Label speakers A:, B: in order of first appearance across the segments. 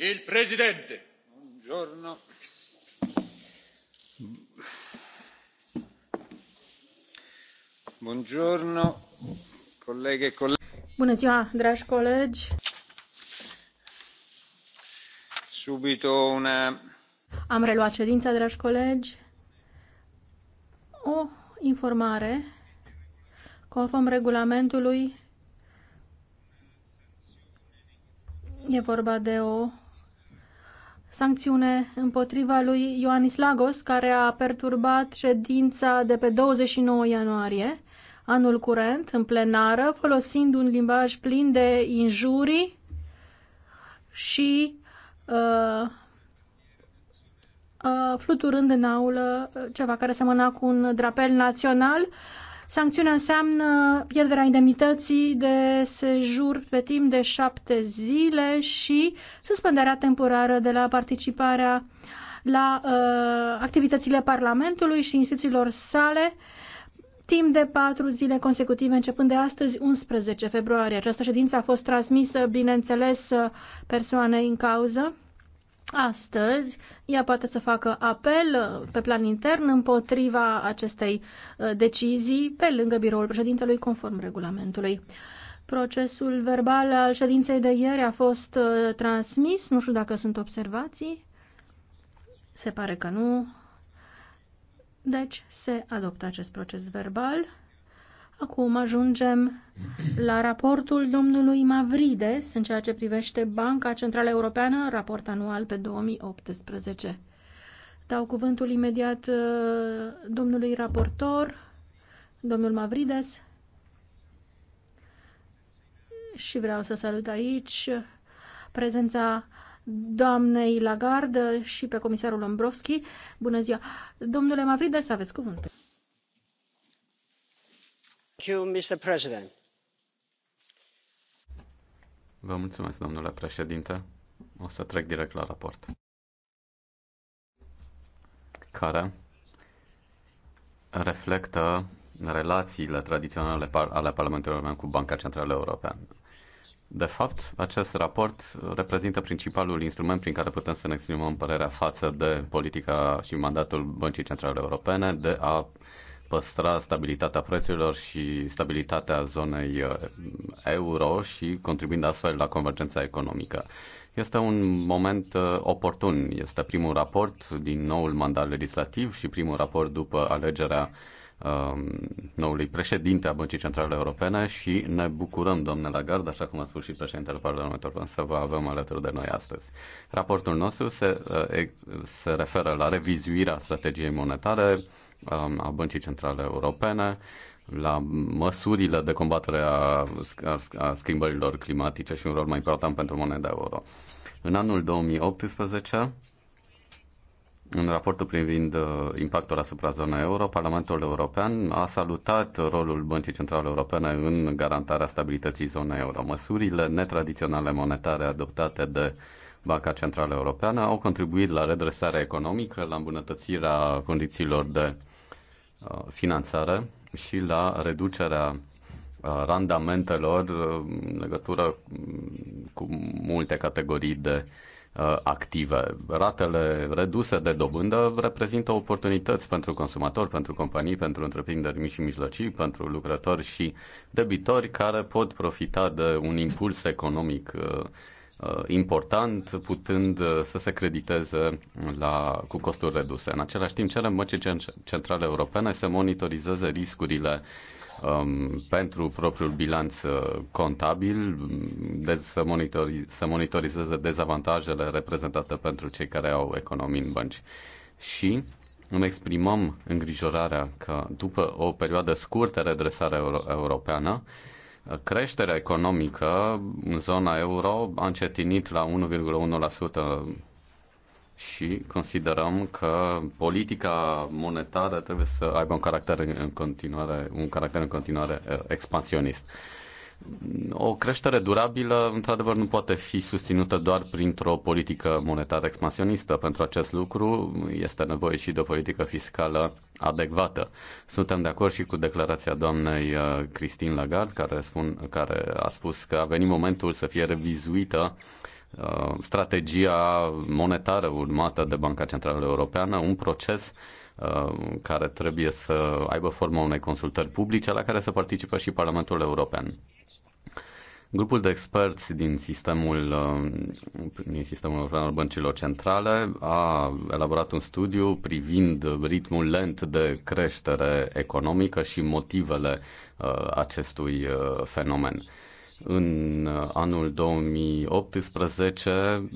A: Il presidente. Buongiorno. Buongiorno, colleghe
B: Bună ziua, dragi colegi.
A: Subito una
B: am reluat ședința, dragi colegi. O informare conform regulamentului e vorba de o sancțiune împotriva lui Ioanis Lagos, care a perturbat ședința de pe 29 ianuarie anul curent în plenară, folosind un limbaj plin de injurii și uh, uh, fluturând în aulă ceva care semăna cu un drapel național. Uh, Sancțiunea înseamnă pierderea indemnității de sejur pe timp de șapte zile și suspendarea temporară de la participarea la uh, activitățile Parlamentului și instituțiilor sale timp de patru zile consecutive, începând de astăzi, 11 februarie. Această ședință a fost transmisă, bineînțeles, uh, persoanei în cauză. Astăzi, ea poate să facă apel uh, pe plan intern împotriva acestei uh, decizii pe lângă biroul președintelui conform regulamentului. Procesul verbal al ședinței de ieri a fost uh, transmis, nu știu dacă sunt observații. Se pare că nu. Deci se adoptă acest proces verbal. Acum ajungem la raportul domnului Mavrides în ceea ce privește Banca Centrală Europeană, raport anual pe 2018. Dau cuvântul imediat uh, domnului raportor, domnul Mavrides. Și vreau să salut aici prezența doamnei Lagarde și pe comisarul Lombrovski. Bună ziua! Domnule Mavrides, aveți cuvântul.
C: Vă mulțumesc, domnule președinte. O să trec direct la raport. Care reflectă relațiile tradiționale ale Parlamentului European cu Banca Centrală Europeană. De fapt, acest raport reprezintă principalul instrument prin care putem să ne exprimăm părerea față de politica și mandatul Băncii Centrale Europene de a păstra stabilitatea prețurilor și stabilitatea zonei uh, euro și contribuind astfel la convergența economică. Este un moment uh, oportun. Este primul raport din noul mandat legislativ și primul raport după alegerea um, noului președinte a Băncii Centrale Europene și ne bucurăm, domnule Lagarde, așa cum a spus și președintele Parlamentului, să vă avem alături de noi astăzi. Raportul nostru se, uh, se referă la revizuirea strategiei monetare, Um, a Băncii Centrale Europene, la măsurile de combatere a, a schimbărilor climatice și un rol mai important pentru moneda euro. În anul 2018, în raportul privind uh, impactul asupra zonei euro, Parlamentul European a salutat rolul Băncii Centrale Europene în garantarea stabilității zonei euro. Măsurile netradiționale monetare adoptate de uh, Banca Centrală Europeană au contribuit la redresarea economică, la îmbunătățirea condițiilor de uh, finanțare și la reducerea uh, randamentelor uh, în legătură mm, cu multe categorii de active. Ratele reduse de dobândă reprezintă oportunități pentru consumatori, pentru companii, pentru întreprinderi mici și mijlocii, pentru lucrători și debitori care pot profita de un impuls economic Uh, important, putând uh, să se crediteze la, cu costuri reduse. În același timp, cerem băncii centrale europene să monitorizeze riscurile um, pentru propriul bilanț uh, contabil, de- să, monitori- să monitorizeze dezavantajele reprezentate pentru cei care au economii în bănci. Și îmi exprimăm îngrijorarea că după o perioadă scurtă redresare euro- europeană, uh, Creșterea economică în zona euro a încetinit la 1,1% și considerăm că politica monetară trebuie să aibă un caracter în continuare, un caracter în continuare eh, expansionist. O creștere durabilă, într-adevăr, nu poate fi susținută doar printr-o politică monetară expansionistă. Pentru acest lucru este nevoie și de o politică fiscală adecvată. Suntem de acord și cu declarația doamnei uh, Christine Lagarde, care, spun, care a spus că a venit momentul să fie revizuită uh, strategia monetară urmată de Banca Centrală Europeană, un proces uh, care trebuie să aibă forma unei consultări publice la care să participe și Parlamentul European. Grupul de experți din sistemul, uh, din sistemul european al băncilor centrale a elaborat un studiu privind ritmul lent de creștere economică și motivele uh, acestui uh, fenomen. În anul 2018,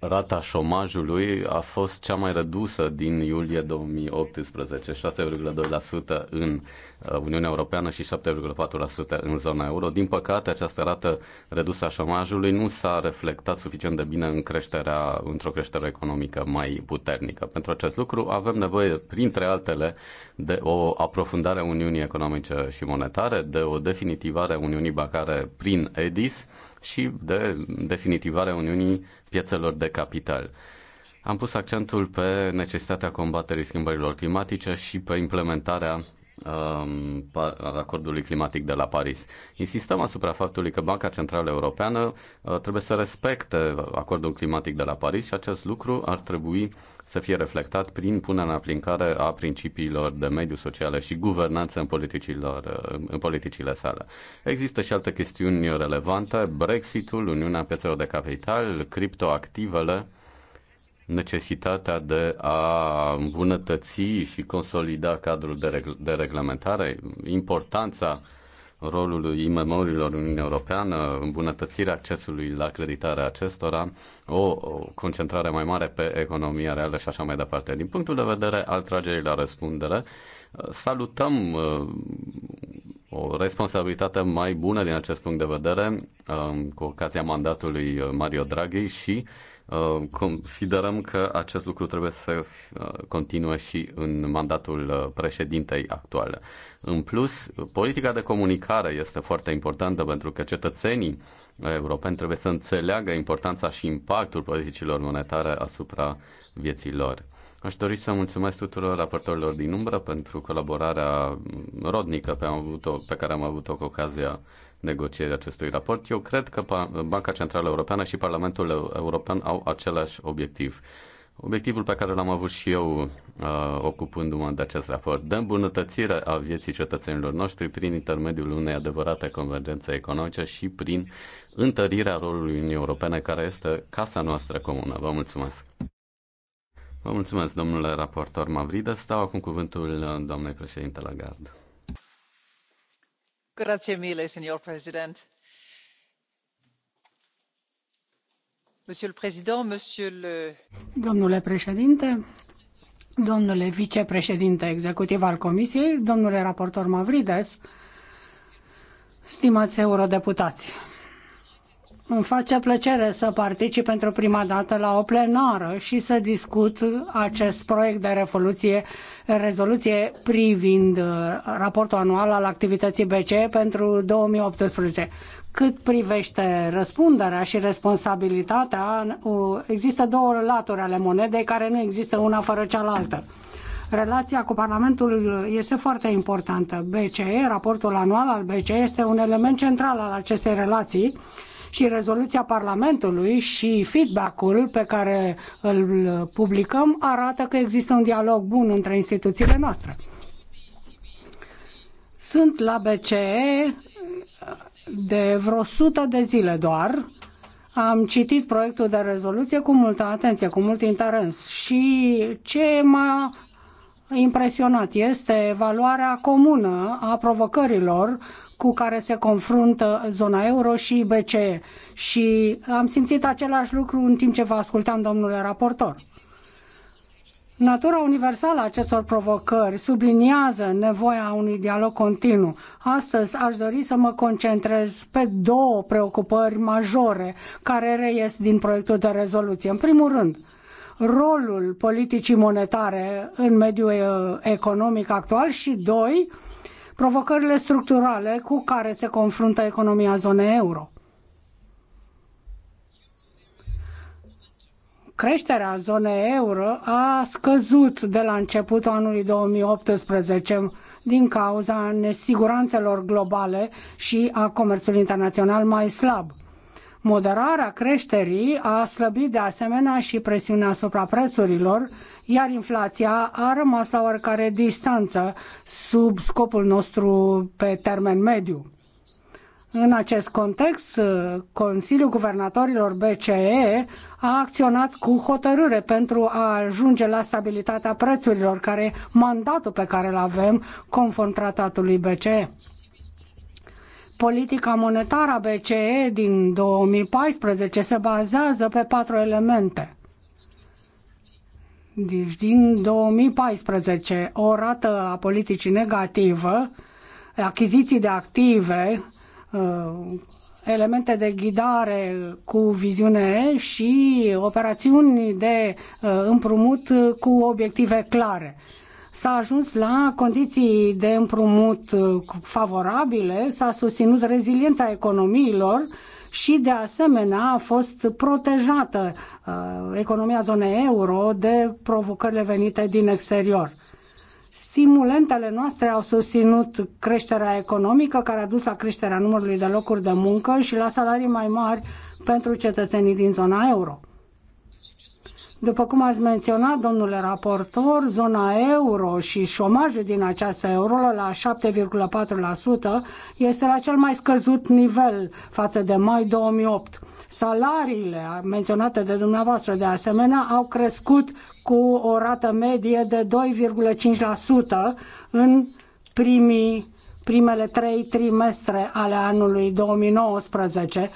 C: rata șomajului a fost cea mai redusă din iulie 2018, 6,2% în uh, Uniunea Europeană și 7,4% în zona euro. Din păcate, această rată redusă a șomajului nu s-a reflectat suficient de bine în creșterea, într-o creștere economică mai puternică. Pentru acest lucru avem nevoie, printre altele, de o aprofundare a Uniunii Economice și Monetare, de o definitivare a Uniunii Bancare prin EDIS, și de definitivarea Uniunii piețelor de capital. Am pus accentul pe necesitatea combaterii schimbărilor climatice și pe implementarea Um, acordului climatic de la Paris. Insistăm asupra faptului că Banca Centrală Europeană uh, trebuie să respecte acordul climatic de la Paris și acest lucru ar trebui să fie reflectat prin punerea în aplicare a principiilor de mediu sociale și guvernanță în, politicilor, uh, în politicile sale. Există și alte chestiuni relevante, Brexitul, Uniunea Piețelor de Capital, criptoactivele, necesitatea de a îmbunătăți și consolida cadrul de, regl- de reglementare, importanța rolului IMM-urilor în Uniunea Europeană, îmbunătățirea accesului la creditarea acestora, o, o concentrare mai mare pe economia reală și așa mai departe. Din punctul de vedere al tragerii la răspundere, salutăm uh, o responsabilitate mai bună din acest punct de vedere um, cu ocazia mandatului Mario Draghi și uh, Uh, considerăm că acest lucru trebuie să uh, continue și în mandatul uh, președintei actuale. În plus, politica de comunicare este foarte importantă pentru că cetățenii europeni trebuie să înțeleagă importanța și impactul politicilor monetare asupra vieții lor. Aș dori să mulțumesc tuturor raportorilor din umbră pentru colaborarea rodnică pe, am avut -o, pe care am avut-o cu ocazia negocierii acestui raport. Eu cred că Banca Centrală Europeană și Parlamentul European au același obiectiv. Obiectivul pe care l-am avut și eu uh, ocupându-mă de acest raport, Dăm bunătățire a vieții cetățenilor noștri prin intermediul unei adevărate convergențe economice și prin întărirea rolului Uniunii Europene, care este casa noastră comună. Vă mulțumesc! Vă mulțumesc, domnule raportor Mavrida. Stau acum cuvântul uh, doamnei președinte Lagarde.
D: Grazie mille, signor President. Monsieur le Président, Monsieur le...
E: Domnule președinte, domnule vicepreședinte executiv al Comisiei, domnule raportor Mavrides, stimați eurodeputați, îmi face plăcere să particip pentru prima dată la o plenară și să discut acest proiect de revoluție, rezoluție privind uh, raportul anual al activității BCE pentru 2018. Cât privește răspunderea și responsabilitatea, uh, există două laturi ale monedei care nu există una fără cealaltă. Relația cu Parlamentul este foarte importantă. BCE, raportul anual al BCE, este un element central al acestei relații și rezoluția Parlamentului și feedback-ul pe care îl publicăm arată că există un dialog bun între instituțiile noastre. Sunt la BCE de vreo 100 de zile doar. Am citit proiectul de rezoluție cu multă atenție, cu mult interes și ce m-a impresionat este evaluarea comună a provocărilor cu care se confruntă zona euro și BCE. Și am simțit același lucru în timp ce vă ascultam, domnule raportor. Natura universală a acestor provocări subliniază nevoia unui dialog continuu. Astăzi aș dori să mă concentrez pe două preocupări majore care reies din proiectul de rezoluție. În primul rând, rolul politicii monetare în mediul uh, economic actual și, doi, provocările structurale cu care se confruntă economia zonei euro. Creșterea zonei euro a scăzut de la începutul anului 2018 din cauza nesiguranțelor globale și a comerțului internațional mai slab. Moderarea creșterii a slăbit de asemenea și presiunea asupra prețurilor, iar inflația a rămas la oricare distanță sub scopul nostru pe termen mediu. În acest context, Consiliul Guvernatorilor BCE a acționat cu hotărâre pentru a ajunge la stabilitatea prețurilor, care mandatul pe care îl avem conform tratatului BCE. Politica monetară a BCE din 2014 se bazează pe patru elemente. Deci din 2014, o rată a politicii negativă, achiziții de active, uh, elemente de ghidare cu viziune și operațiuni de uh, împrumut cu obiective clare s-a ajuns la condiții de împrumut uh, favorabile, s-a susținut reziliența economiilor și de asemenea a fost protejată uh, economia zonei euro de provocările venite din exterior. Stimulentele noastre au susținut creșterea economică, care a dus la creșterea numărului de locuri de muncă și la salarii mai mari pentru cetățenii din zona euro. După cum ați menționat, domnule raportor, zona euro și șomajul din această euro la 7,4% este la cel mai scăzut nivel față de mai 2008. Salariile menționate de dumneavoastră de asemenea au crescut cu o rată medie de 2,5% în primii, primele trei trimestre ale anului 2019,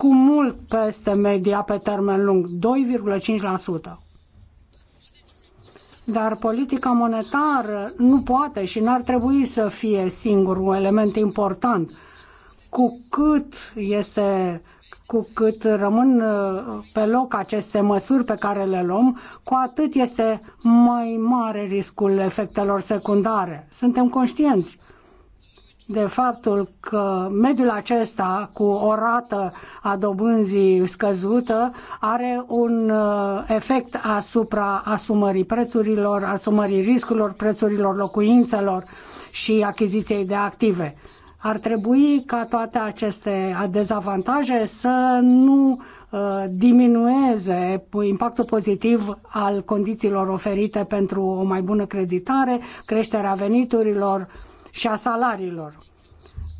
E: cu mult peste media pe termen lung, 2,5%. Dar politica monetară nu poate și n-ar trebui să fie singurul element important. Cu cât este cu cât rămân uh, pe loc aceste măsuri pe care le luăm, cu atât este mai mare riscul efectelor secundare. Suntem conștienți de faptul că mediul acesta cu o rată a dobânzii scăzută are un uh, efect asupra asumării prețurilor, asumării riscurilor, prețurilor locuințelor și achiziției de active. Ar trebui ca toate aceste dezavantaje să nu uh, diminueze impactul pozitiv al condițiilor oferite pentru o mai bună creditare, creșterea veniturilor, și a salariilor.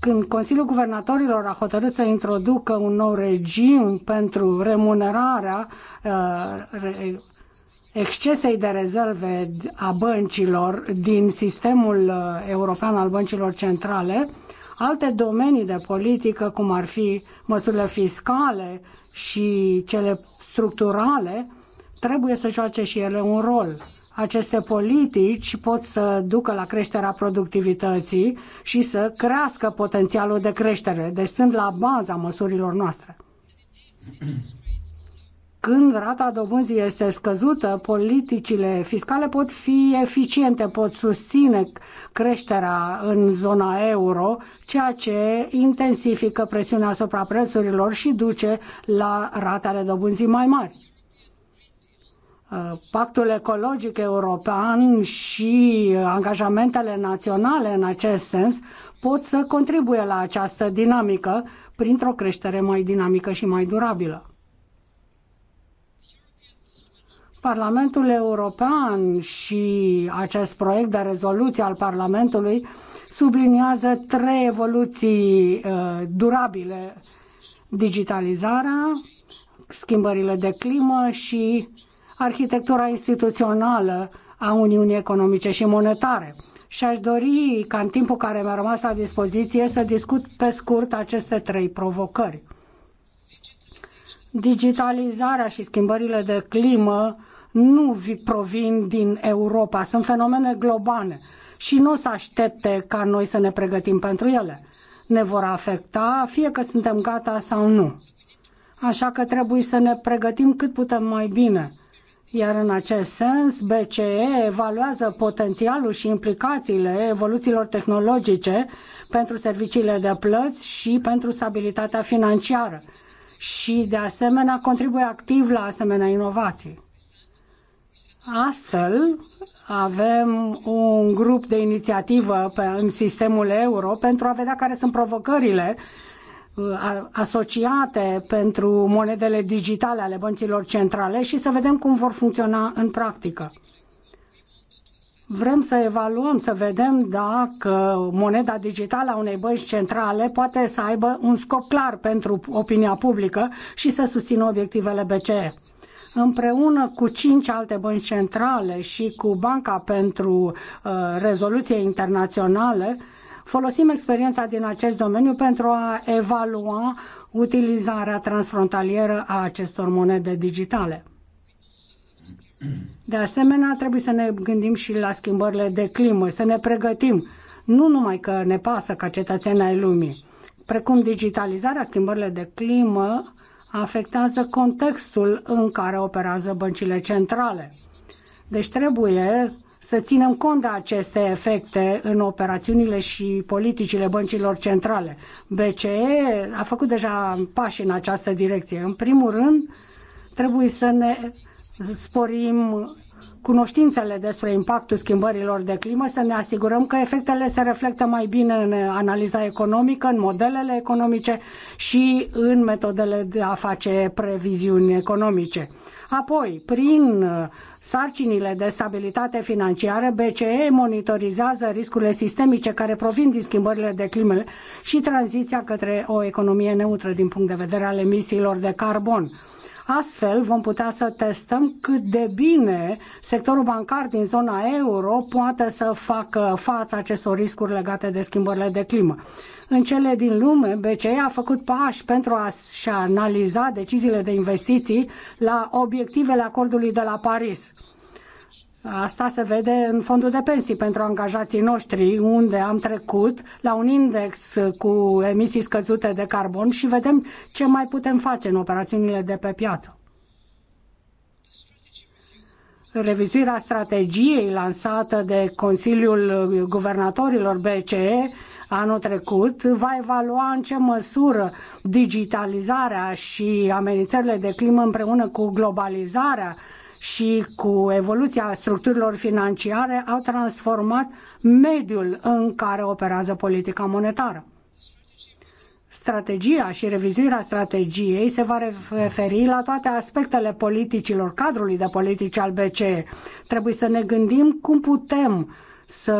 E: Când Consiliul Guvernatorilor a hotărât să introducă un nou regim pentru remunerarea uh, excesei de rezerve a băncilor din sistemul uh, european al băncilor centrale, alte domenii de politică, cum ar fi măsurile fiscale și cele structurale, trebuie să joace și ele un rol. Aceste politici pot să ducă la creșterea productivității și să crească potențialul de creștere, deci stând la baza măsurilor noastre. Când rata dobânzii este scăzută, politicile fiscale pot fi eficiente, pot susține creșterea în zona euro, ceea ce intensifică presiunea asupra prețurilor și duce la ratele dobânzii mai mari pactul ecologic european și angajamentele naționale în acest sens pot să contribuie la această dinamică printr-o creștere mai dinamică și mai durabilă. Parlamentul European și acest proiect de rezoluție al Parlamentului subliniază trei evoluții uh, durabile digitalizarea, schimbările de climă și uh, arhitectura instituțională a Uniunii Economice și Monetare. Și aș dori ca în timpul care mi-a rămas la dispoziție să discut pe scurt aceste trei provocări. Digitalizarea și schimbările de climă nu provin din Europa, sunt fenomene globale și nu o să aștepte ca noi să ne pregătim pentru ele. Ne vor afecta, fie că suntem gata sau nu. Așa că trebuie să ne pregătim cât putem mai bine iar în acest sens, BCE evaluează potențialul și implicațiile evoluțiilor tehnologice pentru serviciile de plăți și pentru stabilitatea financiară și, de asemenea, contribuie activ la asemenea inovații. Astfel, avem un grup de inițiativă pe, în sistemul euro pentru a vedea care sunt provocările Uh, asociate pentru monedele digitale ale băncilor centrale și să vedem cum vor funcționa în practică. Vrem să evaluăm, să vedem dacă moneda digitală a unei bănci centrale poate să aibă un scop clar pentru opinia publică și să susțină obiectivele BCE împreună cu cinci alte bănci centrale și cu Banca pentru uh, Rezoluție Internaționale, Folosim experiența din acest domeniu pentru a evalua utilizarea transfrontalieră a acestor monede digitale. De asemenea, trebuie să ne gândim și la schimbările de climă, să ne pregătim, nu numai că ne pasă ca cetățeni ai lumii, precum digitalizarea, schimbările de climă afectează contextul în care operează băncile centrale. Deci trebuie să ținem cont de aceste efecte în operațiunile și politicile băncilor centrale. BCE a făcut deja pași în această direcție. În primul rând, trebuie să ne sporim cunoștințele despre impactul schimbărilor de climă, să ne asigurăm că efectele se reflectă mai bine în analiza economică, în modelele economice și în metodele de a face previziuni economice. Apoi, prin sarcinile de stabilitate financiară, BCE monitorizează riscurile sistemice care provin din schimbările de climă și tranziția către o economie neutră din punct de vedere al emisiilor de carbon. Astfel vom putea să testăm cât de bine sectorul bancar din zona euro poate să facă față acestor riscuri legate de schimbările de climă. În cele din lume, BCE a făcut pași pentru a-și analiza deciziile de investiții la obiectivele acordului de la Paris. Asta se vede în fondul de pensii pentru angajații noștri, unde am trecut la un index cu emisii scăzute de carbon și vedem ce mai putem face în operațiunile de pe piață revizuirea strategiei lansată de Consiliul Guvernatorilor BCE anul trecut va evalua în ce măsură digitalizarea și amenințările de climă împreună cu globalizarea și cu evoluția structurilor financiare au transformat mediul în care operează politica monetară strategia și revizuirea strategiei se va referi la toate aspectele politicilor, cadrului de politici al BCE. Trebuie să ne gândim cum putem să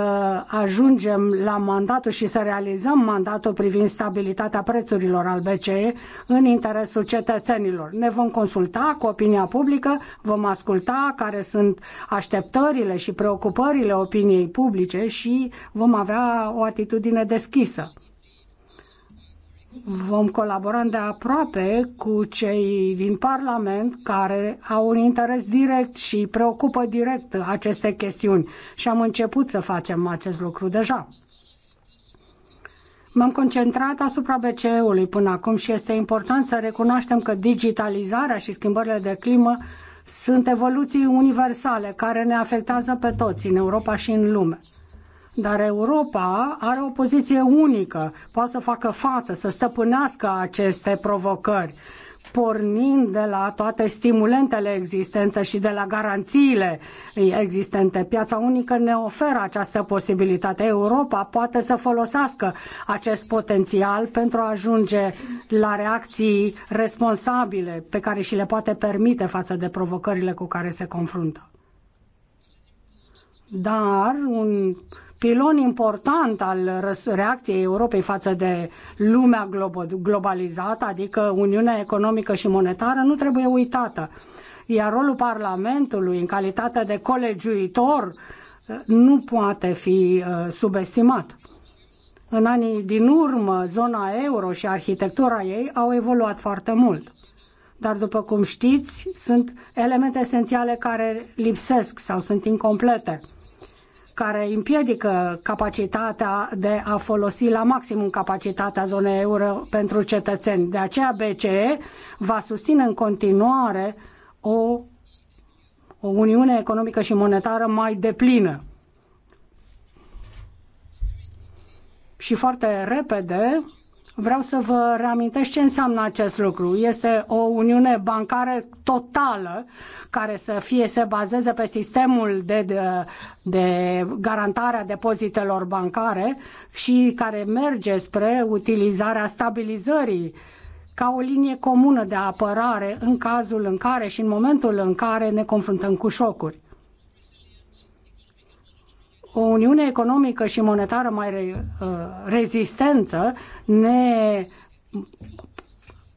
E: ajungem la mandatul și să realizăm mandatul privind stabilitatea prețurilor al BCE în interesul cetățenilor. Ne vom consulta cu opinia publică, vom asculta care sunt așteptările și preocupările opiniei publice și vom avea o atitudine deschisă vom colabora de aproape cu cei din Parlament care au un interes direct și preocupă direct aceste chestiuni și am început să facem acest lucru deja. M-am concentrat asupra BCE-ului până acum și este important să recunoaștem că digitalizarea și schimbările de climă sunt evoluții universale care ne afectează pe toți în Europa și în lume. Dar Europa are o poziție unică, poate să facă față, să stăpânească aceste provocări pornind de la toate stimulentele existente și de la garanțiile existente. Piața unică ne oferă această posibilitate. Europa poate să folosească acest potențial pentru a ajunge la reacții responsabile pe care și le poate permite față de provocările cu care se confruntă. Dar un pilon important al reacției Europei față de lumea globalizată, adică Uniunea Economică și Monetară, nu trebuie uitată. Iar rolul Parlamentului, în calitate de colegiuitor, eh, nu poate fi eh, subestimat. În anii din urmă, zona euro și arhitectura ei au evoluat foarte mult dar după cum știți, sunt elemente esențiale care lipsesc sau sunt incomplete care împiedică capacitatea de a folosi la maximum capacitatea zonei euro pentru cetățeni. De aceea BCE va susține în continuare o, o uniune economică și monetară mai deplină. Și foarte repede Vreau să vă reamintesc ce înseamnă acest lucru. Este o uniune bancară totală care să fie se bazeze pe sistemul de, de, de garantare a depozitelor bancare și care merge spre utilizarea stabilizării ca o linie comună de apărare în cazul în care și în momentul în care ne confruntăm cu șocuri o uniune economică și monetară mai re, uh, rezistență ne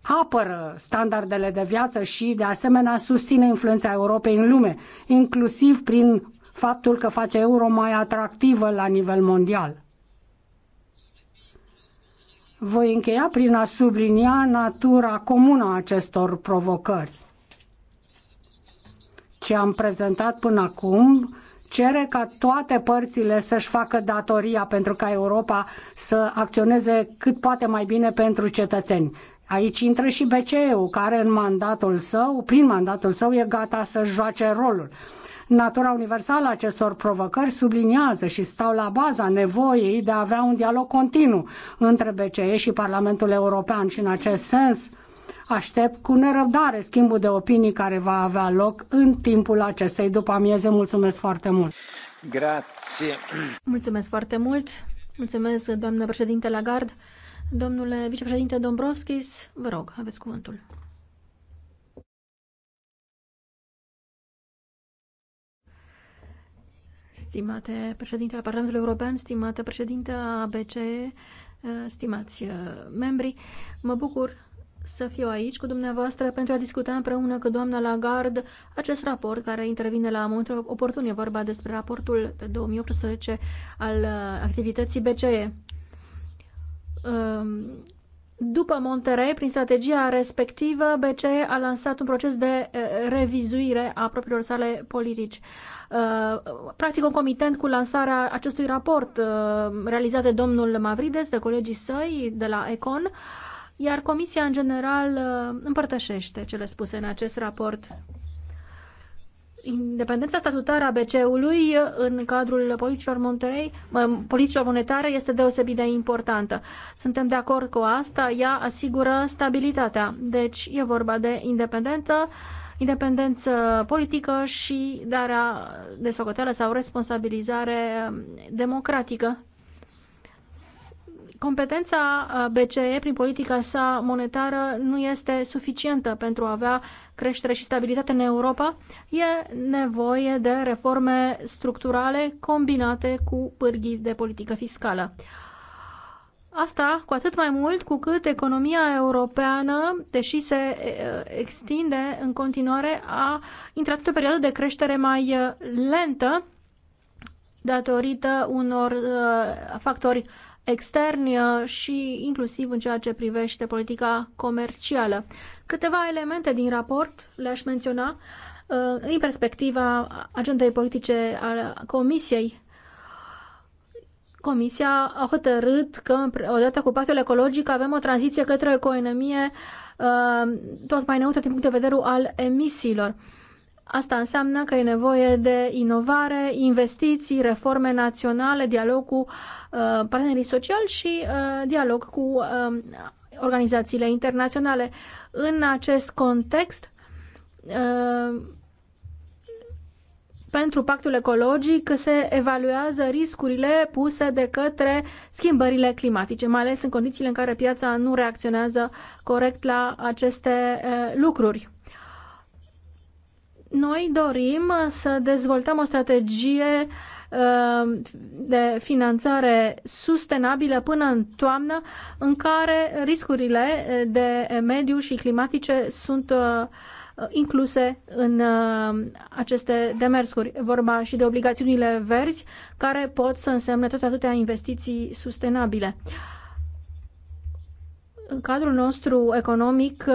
E: apără standardele de viață și, de asemenea, susține influența Europei în lume, inclusiv prin faptul că face euro mai atractivă la nivel mondial. Voi încheia prin a sublinia natura comună a acestor provocări. Ce am prezentat până acum cere ca toate părțile să-și facă datoria pentru ca Europa să acționeze cât poate mai bine pentru cetățeni. Aici intră și BCE-ul, care în mandatul său, prin mandatul său, e gata să joace rolul. Natura universală a acestor provocări subliniază și stau la baza nevoii de a avea un dialog continuu între BCE și Parlamentul European și în acest sens Aștept cu nerăbdare schimbul de opinii care va avea loc în timpul acestei după amieze. Mulțumesc foarte mult!
F: Grație!
B: Mulțumesc foarte mult! Mulțumesc, doamnă președinte Lagarde. Domnule vicepreședinte Dombrovskis, vă rog, aveți cuvântul. Stimate președinte al Parlamentului European, stimată președinte a BCE, stimați uh, membri, mă bucur să fiu aici cu dumneavoastră pentru a discuta împreună cu doamna Lagarde acest raport care intervine la momentul oportun. E vorba despre raportul pe 2018 al uh, activității BCE. Um, după Monterey, prin strategia respectivă, BCE a lansat un proces de uh, revizuire a propriilor sale politici. Uh, practic, un comitent cu lansarea acestui raport realizat de domnul Mavrides, de colegii săi de la Econ, iar Comisia, în general, uh, împărtășește cele spuse în acest raport. Independența statutară a BCE-ului uh, în cadrul politicilor, Monterey, politicilor monetare este deosebit de importantă. Suntem de acord cu asta, ea asigură stabilitatea. Deci e vorba de independență, independență politică și darea de socoteală sau responsabilizare uh, democratică. Competența uh, BCE prin politica sa monetară nu este suficientă pentru a avea creștere și stabilitate în Europa. E nevoie de reforme structurale combinate cu pârghii de politică fiscală. Asta cu atât mai mult cu cât economia europeană, deși se uh, extinde în continuare, a intrat într-o perioadă de creștere mai uh, lentă datorită unor factori extern uh, și inclusiv în ceea ce privește politica comercială. Câteva elemente din raport le-aș menționa din uh, perspectiva agendei politice a Comisiei. Comisia a hotărât că odată cu pactul ecologic avem o tranziție către o economie uh, tot mai neutră din punct de vedere al emisiilor. Asta înseamnă că e nevoie de inovare, investiții, reforme naționale, dialog cu uh, partenerii sociali și uh, dialog cu uh, organizațiile internaționale. În acest context, uh, pentru pactul ecologic se evaluează riscurile puse de către schimbările climatice, mai ales în condițiile în care piața nu reacționează corect la aceste uh, lucruri. Noi dorim să dezvoltăm o strategie uh, de finanțare sustenabilă până în toamnă, în care riscurile uh, de mediu și climatice sunt uh, incluse în aceste demersuri. Vorba și de obligațiunile verzi, care pot să însemne tot atâtea investiții sustenabile în cadrul nostru economic, uh,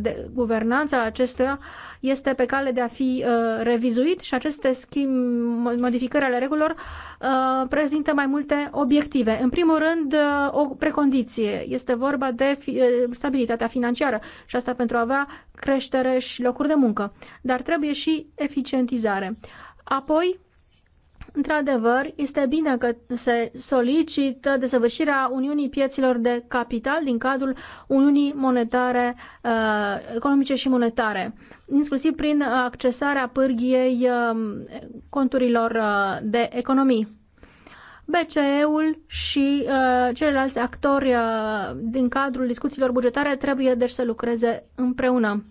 B: de guvernanța acestuia este pe cale de a fi uh, revizuit și aceste schimb, modificări ale regulilor uh, prezintă mai multe obiective. În primul rând, o precondiție. Este vorba de stabilitatea financiară și asta pentru a avea creștere și locuri de muncă. Dar trebuie și eficientizare. Apoi, Într-adevăr, este bine că se solicită desăvârșirea Uniunii Pieților de Capital din cadrul Uniunii Monetare, uh, Economice și Monetare, inclusiv prin accesarea pârghiei uh, conturilor uh, de economii. BCE-ul și uh, ceilalți actori uh, din cadrul discuțiilor bugetare trebuie deci să lucreze împreună.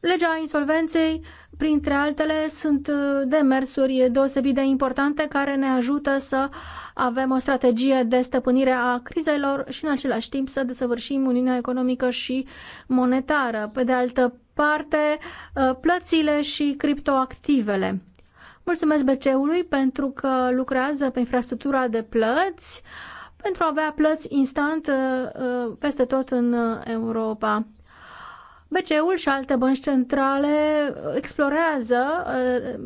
B: Legea insolvenței uh, Printre altele, sunt uh, demersuri deosebit de importante care ne ajută să avem o strategie de stăpânire a crizelor și, în același timp, să desăvârșim Uniunea Economică și Monetară. Pe de altă parte, uh, plățile și criptoactivele. Mulțumesc BC-ului pentru că lucrează pe infrastructura de plăți pentru a avea plăți instant uh, peste tot în Europa. BCE-ul și alte bănci centrale explorează uh,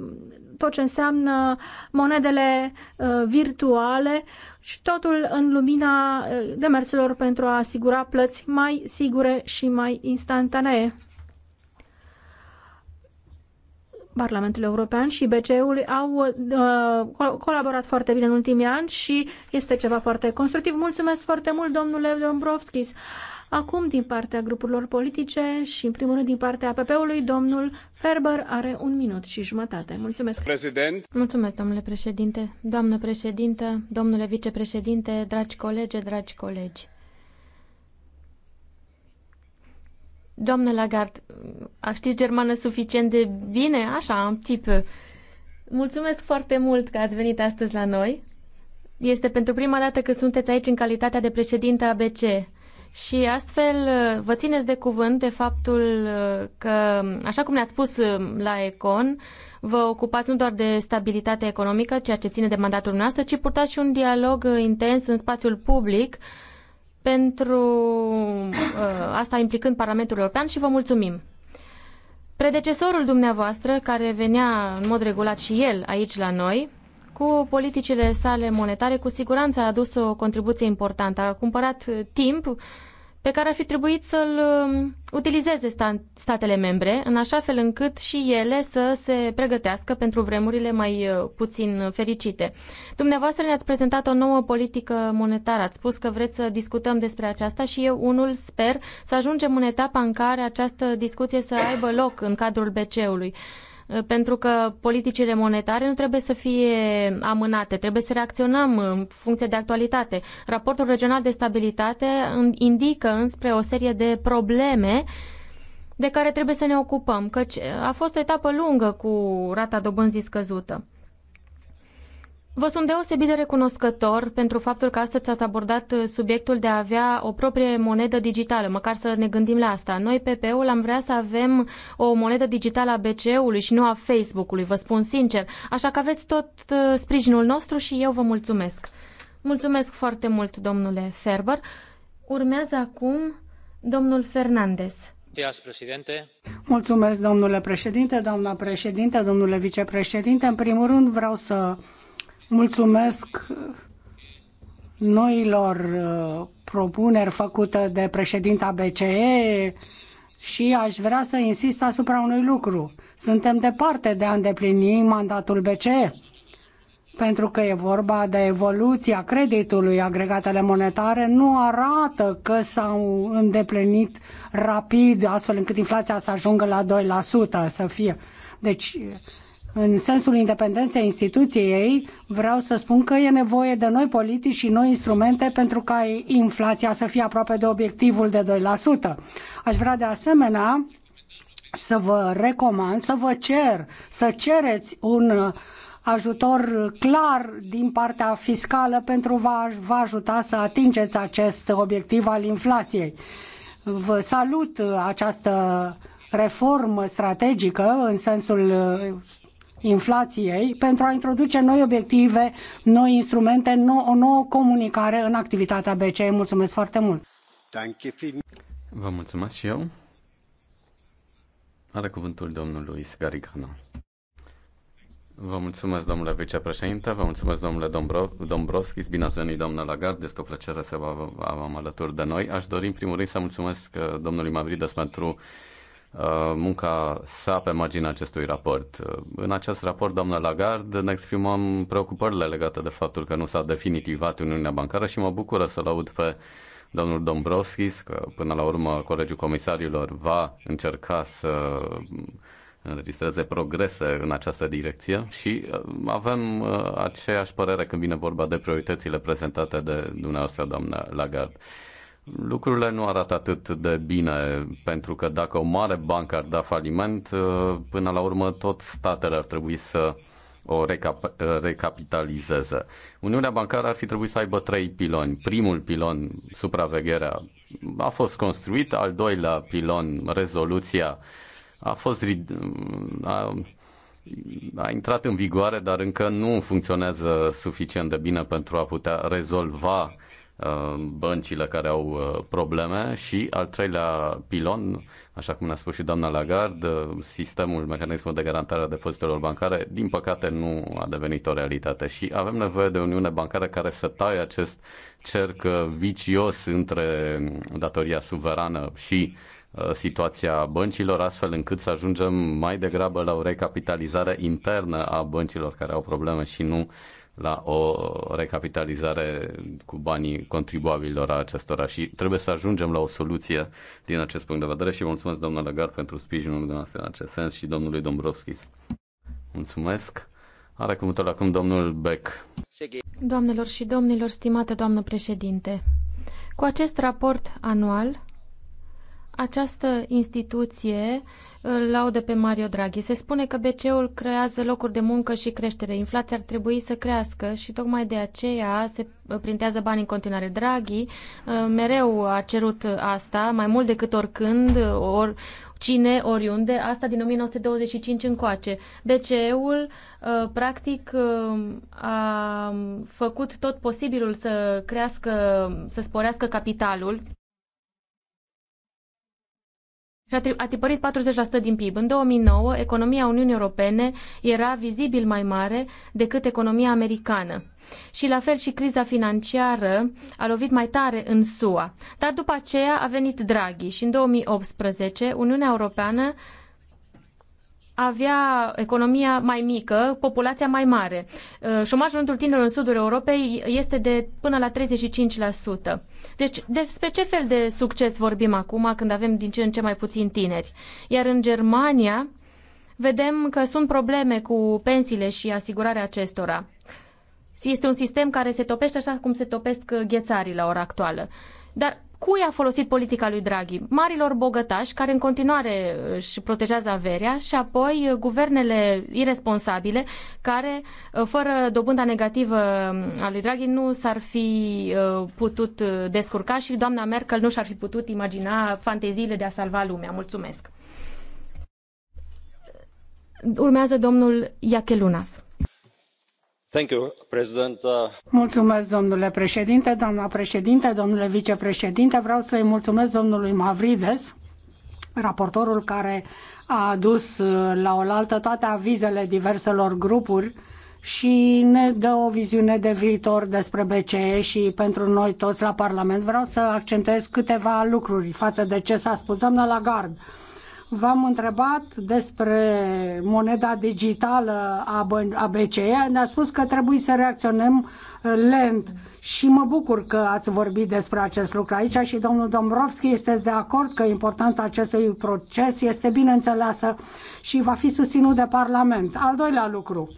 B: tot ce înseamnă monedele uh, virtuale și totul în lumina uh, demersurilor pentru a asigura plăți mai sigure și mai instantanee. Parlamentul European și BCE-ul au uh, colaborat foarte bine în ultimii ani și este ceva foarte constructiv. Mulțumesc foarte mult, domnule Dombrovskis. Uh, Acum, din partea grupurilor politice și, în primul rând, din partea APP-ului, domnul Ferber are un
G: minut și jumătate. Mulțumesc.
C: Prezident.
G: Mulțumesc, domnule președinte, doamnă președintă, domnule vicepreședinte, dragi colegi, dragi colegi. Doamnă Lagarde, știți germană suficient de bine? Așa, un tip. Mulțumesc foarte mult că ați venit astăzi la noi. Este pentru prima dată că sunteți aici în calitatea de președinte ABC și astfel uh, vă țineți de cuvânt de faptul uh, că, așa cum ne-ați spus uh, la Econ, vă ocupați nu doar de stabilitatea economică, ceea ce ține de mandatul noastră, ci purtați și un dialog intens în spațiul public pentru asta implicând Parlamentul European și vă mulțumim. Predecesorul dumneavoastră, care venea în mod regulat și el aici la noi, cu politicile sale monetare, cu siguranță a adus o contribuție importantă. A cumpărat timp pe care ar fi trebuit să-l um, utilizeze statele membre, în așa fel încât și ele să se pregătească pentru vremurile mai uh, puțin uh, fericite. Dumneavoastră ne-ați prezentat o nouă politică monetară, ați spus că vreți să discutăm despre aceasta și eu unul sper să ajungem în etapa în care această discuție să aibă loc în cadrul BC-ului. Uh, pentru că politicile monetare nu trebuie să fie amânate, trebuie să reacționăm în funcție de actualitate. Raportul regional de stabilitate indică înspre o serie de probleme de care trebuie să ne ocupăm, căci uh, a fost o etapă lungă cu rata dobânzii scăzută. Vă sunt deosebit de recunoscător pentru faptul că astăzi ați abordat uh, subiectul de a avea o proprie monedă digitală, măcar să ne gândim la asta. Noi, PPE-ul, am vrea să avem o monedă digitală a BCE-ului și nu a Facebook-ului, vă spun sincer. Așa că aveți tot uh, sprijinul nostru și eu vă mulțumesc. Mulțumesc foarte mult, domnule Ferber. Urmează acum domnul Fernandez.
F: Președinte.
G: Mulțumesc, domnule președinte, doamna președinte,
E: domnule vicepreședinte. În primul rând vreau să Mulțumesc noilor uh, propuneri făcute de președinta BCE și aș vrea să insist asupra unui lucru. Suntem departe de a îndeplini mandatul BCE pentru că e vorba de evoluția creditului, agregatele monetare nu arată că s-au îndeplinit rapid, astfel încât inflația să ajungă la 2%, să fie. Deci în sensul independenței instituției, vreau să spun că e nevoie de noi politici și noi instrumente pentru ca inflația să fie aproape de obiectivul de 2%. Aș vrea de asemenea să vă recomand, să vă cer, să cereți un ajutor clar din partea fiscală pentru a vă ajuta să atingeți acest obiectiv al inflației. Vă salut această reformă strategică în sensul inflației pentru a introduce noi obiective, noi instrumente, nou, o nouă comunicare în activitatea BCE. Mulțumesc foarte mult!
C: Vă mulțumesc și eu. Are cuvântul domnul Luis Vă mulțumesc, domnule vicepreședinte, vă mulțumesc, domnule Dombro- Dombrovskis, bine ați venit, domnule Lagarde, este o plăcere să vă avem alături de noi. Aș dori, în primul rând, să mulțumesc uh, domnului Mavridas pentru uh, Uh, munca sa pe marginea acestui raport. Uh, în acest raport, doamna Lagarde, ne exprimăm preocupările legate de faptul că nu s-a definitivat Uniunea Bancară și mă bucură să-l aud pe domnul Dombrovskis, că până la urmă Colegiul Comisarilor va încerca să înregistreze progrese în această direcție și uh, avem aceeași părere când vine vorba de prioritățile prezentate de dumneavoastră, doamna Lagarde lucrurile nu arată atât de bine, pentru că dacă o mare bancă ar da faliment, uh, până la urmă tot statele ar trebui să o recap- recapitalizeze. Uniunea bancară ar fi trebuit să aibă trei piloni. Primul pilon, supravegherea, a fost construit, al doilea pilon, rezoluția, a fost a, a intrat în vigoare, dar încă nu funcționează suficient de bine pentru a putea rezolva Uh, băncile care au uh, probleme și al treilea pilon, așa cum ne-a spus și doamna Lagarde, sistemul, mecanismul de garantare a depozitelor bancare, din păcate nu a devenit o realitate și avem nevoie de o uniune bancară care să taie acest cerc uh, vicios între datoria suverană și situația băncilor, astfel încât să ajungem mai degrabă la o recapitalizare internă a băncilor care au probleme și nu la o recapitalizare cu banii contribuabililor a acestora și trebuie să ajungem la o soluție din acest punct de vedere și vă mulțumesc domnul Legar pentru sprijinul dumneavoastră în acest sens și domnului Dombrovskis. Mulțumesc. Are cuvântul acum domnul Beck.
G: Doamnelor și domnilor, stimată doamnă președinte, cu acest raport anual, această instituție uh, îl laudă pe Mario Draghi. Se spune că BCE-ul creează locuri de muncă și creștere. Inflația ar trebui să crească și tocmai de aceea se printează bani în continuare. Draghi uh, mereu a cerut asta, mai mult decât oricând, or, cine, oriunde, asta din 1925 încoace. BCE-ul, uh, practic, uh, a făcut tot posibilul să crească, să sporească capitalul și a tipărit 40% din PIB. În 2009, economia Uniunii Europene era vizibil mai mare decât economia americană. Și la fel și criza financiară a lovit mai tare în SUA. Dar după aceea a venit Draghi și în 2018 Uniunea Europeană avea economia mai mică, populația mai mare. Uh, șomajul în rândul tinerilor în sudul Europei este de până la 35%. Deci despre ce fel de succes vorbim acum când avem din ce în ce mai puțin tineri? Iar în Germania vedem că sunt probleme cu pensiile și asigurarea acestora. Este un sistem care se topește așa cum se topesc ghețarii la ora actuală. Dar cui a folosit politica lui Draghi? Marilor bogătași care în continuare își protejează averea și apoi uh, guvernele irresponsabile care, uh, fără dobânda negativă mm, a lui Draghi, nu s-ar fi uh, putut descurca și doamna Merkel nu și-ar fi putut imagina fanteziile de a salva lumea. Mulțumesc! Urmează domnul Iachelunas. Mulțumesc,
E: domnule președinte, doamnă președinte, domnule vicepreședinte. Vreau să-i mulțumesc domnului Mavrides, raportorul care a adus uh, la oaltă toate avizele diverselor grupuri și ne dă o viziune de viitor despre BCE și pentru noi toți la Parlament. Vreau să accentuez câteva lucruri față de ce s-a spus. Doamna Lagarde, V-am întrebat despre moneda digitală a BCE, ne-a spus că trebuie să reacționăm uh, lent și mă bucur că ați vorbit despre acest lucru aici și domnul Domrovski este de acord că importanța acestui proces este bineînțeleasă și va fi susținut de Parlament. Al doilea lucru,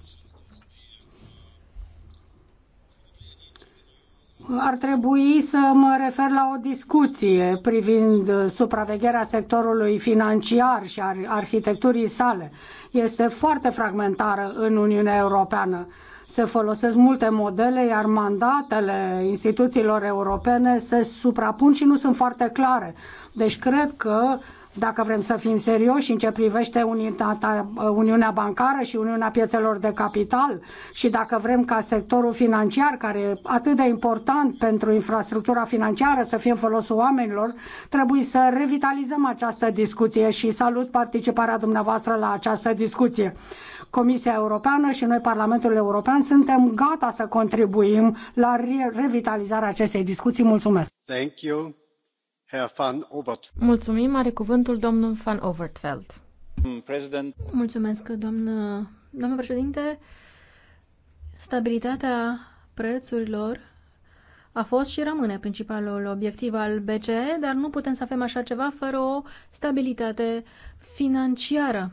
E: ar trebui să mă refer la o discuție privind uh, supravegherea sectorului financiar și a arhitecturii sale. Este foarte fragmentară în Uniunea Europeană. Se folosesc multe modele, iar mandatele instituțiilor europene se suprapun și nu sunt foarte clare. Deci cred că dacă vrem să fim serioși în ce privește unitatea, uh, Uniunea Bancară și Uniunea Piețelor de Capital și dacă vrem ca sectorul financiar, care e atât de important pentru infrastructura financiară, să fie în folosul oamenilor, trebuie să revitalizăm această discuție și salut participarea dumneavoastră la această discuție. Comisia Europeană și noi, Parlamentul European, suntem gata să contribuim la
G: revitalizarea acestei
E: discuții. Mulțumesc!
C: Thank you.
F: Mulțumim,
G: are cuvântul domnul Van Overtveld. President. Mulțumesc, doamnă,
B: doamnă președinte. Stabilitatea prețurilor a fost și rămâne principalul obiectiv al BCE, dar nu putem să avem așa ceva fără o stabilitate financiară.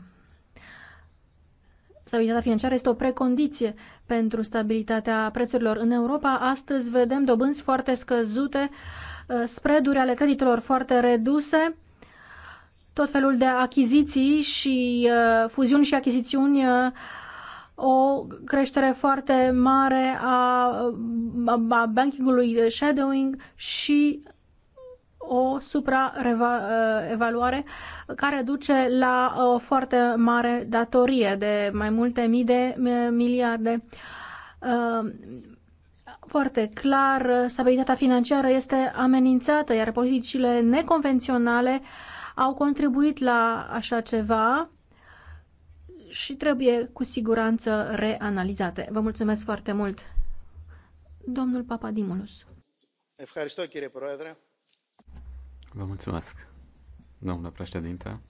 B: Stabilitatea financiară este o precondiție pentru stabilitatea prețurilor. În Europa, astăzi vedem dobânzi foarte scăzute uh, Uh, spreaduri ale creditelor foarte reduse, tot felul de achiziții și uh, fuziuni și achizițiuni, uh, o creștere foarte mare a, a bankingului de shadowing și o supraevaluare care duce la o foarte mare datorie de mai multe mii de miliarde foarte clar, stabilitatea financiară este amenințată, iar politicile neconvenționale au contribuit la așa ceva și trebuie cu siguranță reanalizate. Vă mulțumesc foarte mult, domnul Papadimulus.
C: Vă mulțumesc, domnule președinte,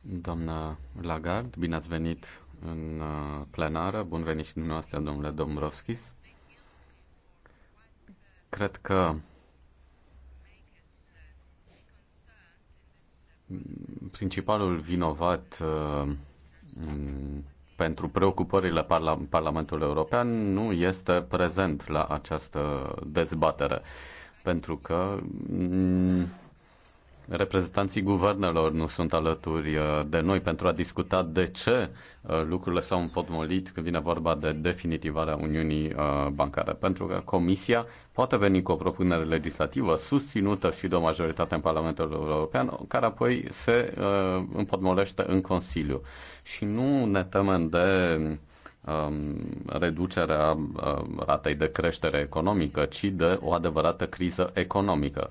C: doamna Lagarde, bine ați venit în uh, plenară, bun venit și dumneavoastră, domnule Domrovskis. Cred că principalul vinovat uh, pentru preocupările Parla- Parlamentului European nu este prezent la această dezbatere, pentru că reprezentanții guvernelor nu sunt alături uh, de noi pentru a discuta de ce uh, lucrurile s-au împotmolit când vine vorba de definitivarea Uniunii uh, Bancare. Pentru că Comisia poate veni cu o propunere legislativă susținută și de o majoritate în Parlamentul European, care apoi se împotmolește în Consiliu. Și nu ne temem de um, reducerea ratei de creștere economică, ci de o adevărată criză economică.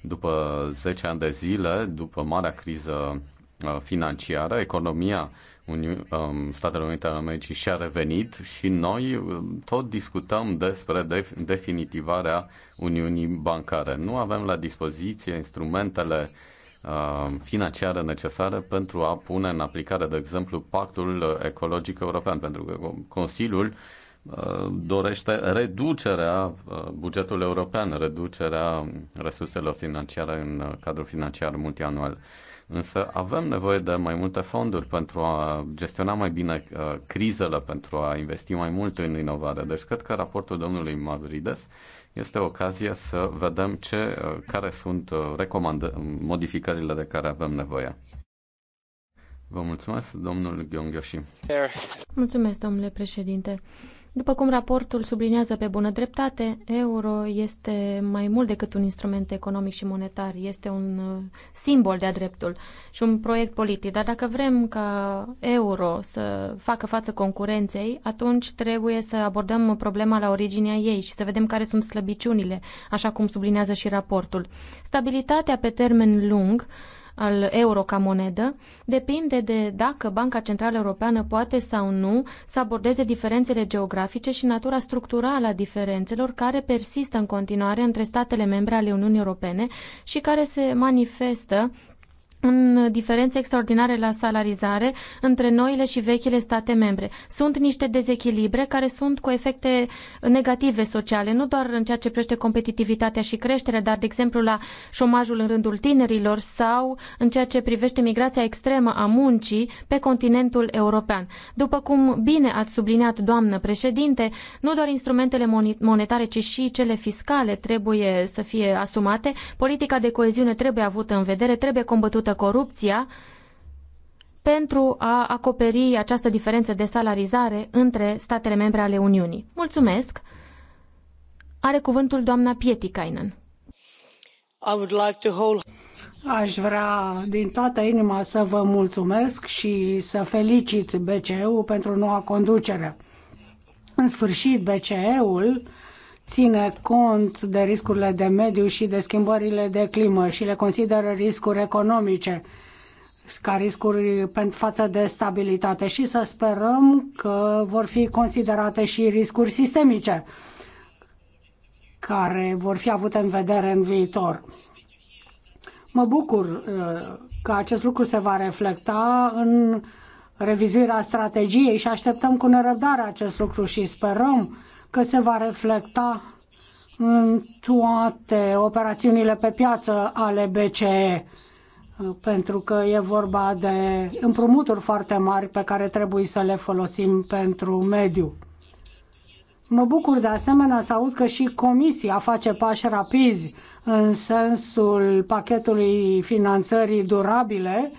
C: După 10 ani de zile, după marea criză uh, financiară, economia Uni- um, Statele Unite ale Americii și-a revenit și noi uh, tot discutăm despre def- definitivarea Uniunii Bancare. Nu avem la dispoziție instrumentele uh, financiară necesară pentru a pune în aplicare, de exemplu, pactul ecologic european, pentru că Consiliul dorește reducerea uh, bugetului european, reducerea resurselor financiare în uh, cadrul financiar multianual. Însă avem nevoie de mai multe fonduri pentru a gestiona mai bine uh, crizele, pentru a investi mai mult în inovare. Deci cred că raportul domnului Mavrides este ocazie să vedem ce, uh, care sunt uh, modificările de care avem nevoie. Vă mulțumesc, domnul Gheongheoși.
G: Mulțumesc, domnule președinte. După cum raportul subliniază pe bună dreptate, euro este mai mult decât un instrument economic și monetar, este un uh, simbol de-a dreptul și un proiect politic. Dar dacă vrem ca euro să facă față concurenței, atunci trebuie să abordăm problema la originea ei și să vedem care sunt slăbiciunile, așa cum sublinează și raportul. Stabilitatea pe termen lung al euro ca monedă depinde de dacă Banca Centrală Europeană poate sau nu să abordeze diferențele geografice și natura structurală a diferențelor care persistă în continuare între statele membre ale Uniunii Europene și care se manifestă în diferențe extraordinare la salarizare între noile și vechile state membre. Sunt niște dezechilibre care sunt cu efecte negative sociale, nu doar în ceea ce privește competitivitatea și creșterea, dar, de exemplu, la șomajul în rândul tinerilor sau în ceea ce privește migrația extremă a muncii pe continentul european. După cum bine ați subliniat, doamnă președinte, nu doar instrumentele monetare, ci și cele fiscale trebuie să fie asumate, politica de coeziune trebuie avută în vedere, trebuie combătută luptă corupția pentru a acoperi această diferență de salarizare între statele membre ale Uniunii. Mulțumesc! Are cuvântul doamna Pietikainen.
E: I would like to hold... Aș vrea din toată inima să vă mulțumesc și să felicit BCE-ul pentru noua conducere. În sfârșit, BCE-ul ține cont de riscurile de mediu și de schimbările de climă și le consideră riscuri economice ca riscuri față de stabilitate și să sperăm că vor fi considerate și riscuri sistemice care vor fi avute în vedere în viitor. Mă bucur uh, că acest lucru se va reflecta în revizuirea strategiei și așteptăm cu nerăbdare acest lucru și sperăm că se va reflecta în toate operațiunile pe piață ale BCE, pentru că e vorba de împrumuturi foarte mari pe care trebuie să le folosim pentru mediu. Mă bucur de asemenea să aud că și Comisia face pași rapizi în sensul pachetului finanțării durabile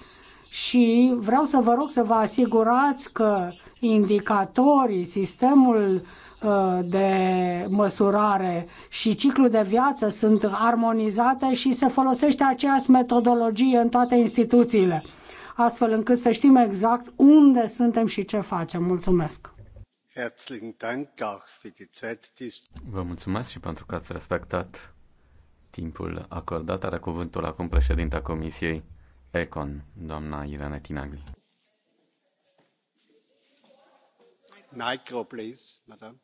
E: și vreau să vă rog să vă asigurați că indicatorii, sistemul Uh, de măsurare și ciclul de viață sunt armonizate și se folosește aceeași metodologie în toate instituțiile, astfel încât să știm exact unde suntem și ce facem.
F: Mulțumesc!
C: Vă mulțumesc și pentru că ați respectat timpul acordat. Are cuvântul acum președinta Comisiei Econ, doamna Irene Tinagli.
A: Micro, please, madame.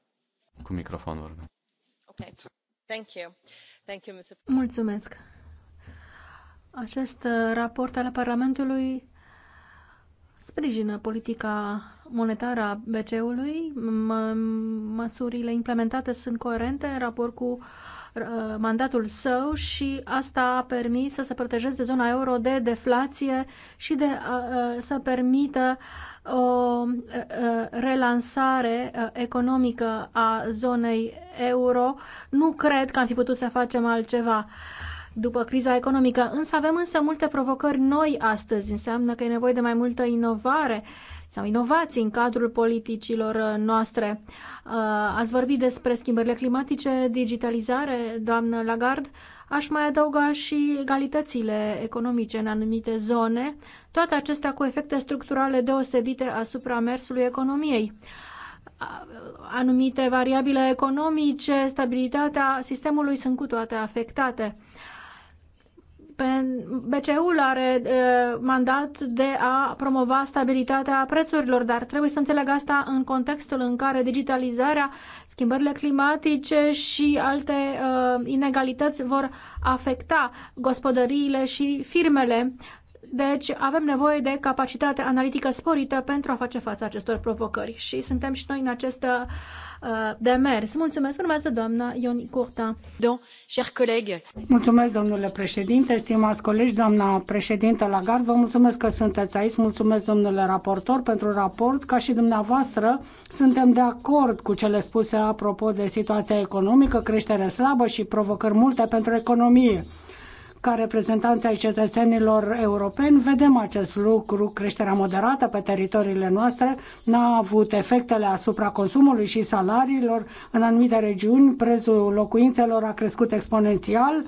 A: Cu da. Ok. Thank you. Thank you, Mr.
B: Mulțumesc. Acest uh, raport al Parlamentului sprijină politica monetară a BCE-ului. Măsurile implementate sunt coerente în raport cu uh, mandatul său și asta a permis să se protejeze zona euro de deflație și de, uh, să permită o relansare economică a zonei euro. Nu cred că am fi putut să facem altceva după criza economică, însă avem însă multe provocări noi astăzi. Înseamnă că e nevoie de mai multă inovare sau inovații în cadrul politicilor noastre. Ați vorbit despre schimbările climatice, digitalizare, doamnă Lagarde, Aș mai adăuga și egalitățile economice în anumite zone, toate acestea cu efecte structurale deosebite asupra mersului economiei anumite variabile economice, stabilitatea sistemului sunt cu toate afectate. BCE-ul are mandat de a promova stabilitatea prețurilor, dar trebuie să înțeleg asta în contextul în care digitalizarea, schimbările climatice și alte inegalități vor afecta gospodăriile și firmele. Deci avem nevoie de capacitate analitică sporită pentru a face față acestor provocări și suntem și noi în acest Uh, de mers. Mulțumesc, urmează doamna Ioni Curta.
E: Mulțumesc, domnule președinte, stimați colegi, doamna președintă Lagarde, vă mulțumesc că sunteți aici, mulțumesc, domnule raportor, pentru raport. Ca și dumneavoastră, suntem de acord cu cele spuse apropo de situația economică, creștere slabă și provocări multe pentru economie ca reprezentanți ai cetățenilor europeni vedem acest lucru. Creșterea moderată pe teritoriile noastre n-a avut efectele asupra consumului și salariilor. În anumite regiuni, prețul locuințelor a crescut exponențial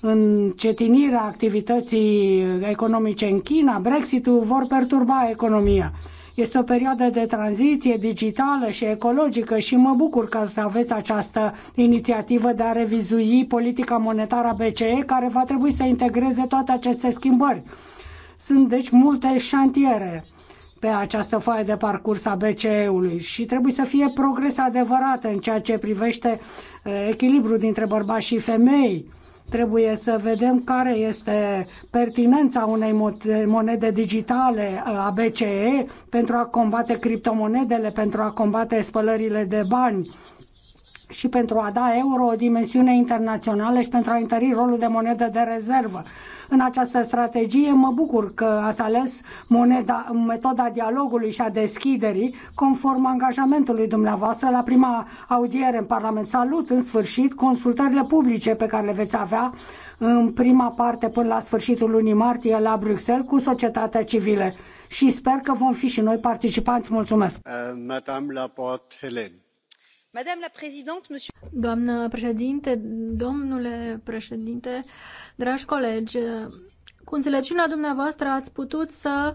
E: încetinirea activității economice în China, Brexitul vor perturba economia. Este o perioadă de tranziție digitală și ecologică și mă bucur că să aveți această inițiativă de a revizui politica monetară a BCE care va trebui să integreze toate aceste schimbări. Sunt deci multe șantiere pe această foaie de parcurs a BCE-ului și trebuie să fie progres adevărat în ceea ce privește eh, echilibrul dintre bărbați și femei Trebuie să vedem care este pertinența unei monede digitale uh, a BCE pentru a combate criptomonedele, pentru a combate spălările de bani și pentru a da euro o dimensiune internațională și pentru a întări rolul de monedă de rezervă în această strategie. Mă bucur că ați ales moneda, metoda dialogului și a deschiderii conform angajamentului dumneavoastră la prima audiere în Parlament. Salut în sfârșit consultările publice pe care le veți avea în prima parte până la sfârșitul lunii martie la Bruxelles cu societatea civilă și sper că vom fi și noi participanți. Mulțumesc!
F: Uh,
B: Doamnă președinte, domnule președinte, dragi colegi, cu înțelepciunea dumneavoastră ați putut să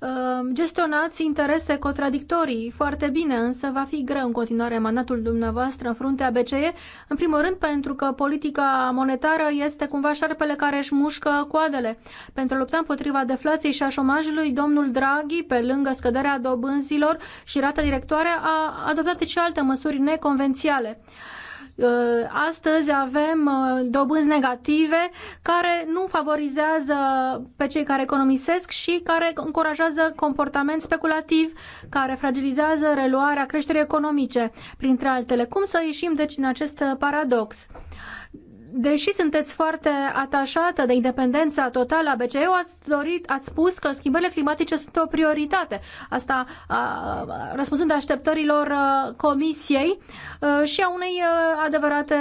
B: uh, gestionați interese contradictorii foarte bine, însă va fi greu în continuare mandatul dumneavoastră în fruntea BCE, în primul rând pentru că politica monetară este cumva șarpele care își mușcă coadele. Pentru a lupta împotriva deflației și a șomajului, domnul Draghi, pe lângă scăderea dobânzilor și rata directoare, a adoptat și alte măsuri neconvențiale Uh, astăzi avem uh, dobânzi negative care nu favorizează pe cei care economisesc și care încurajează comportament speculativ, care fragilizează reluarea creșterii economice, printre altele. Cum să ieșim deci din acest uh, paradox? deși sunteți foarte atașată de independența totală a BCE, ați, dorit, ați spus că schimbările climatice sunt o prioritate. Asta a, a, răspunsând așteptărilor a, comisiei a, și a unei a, adevărate,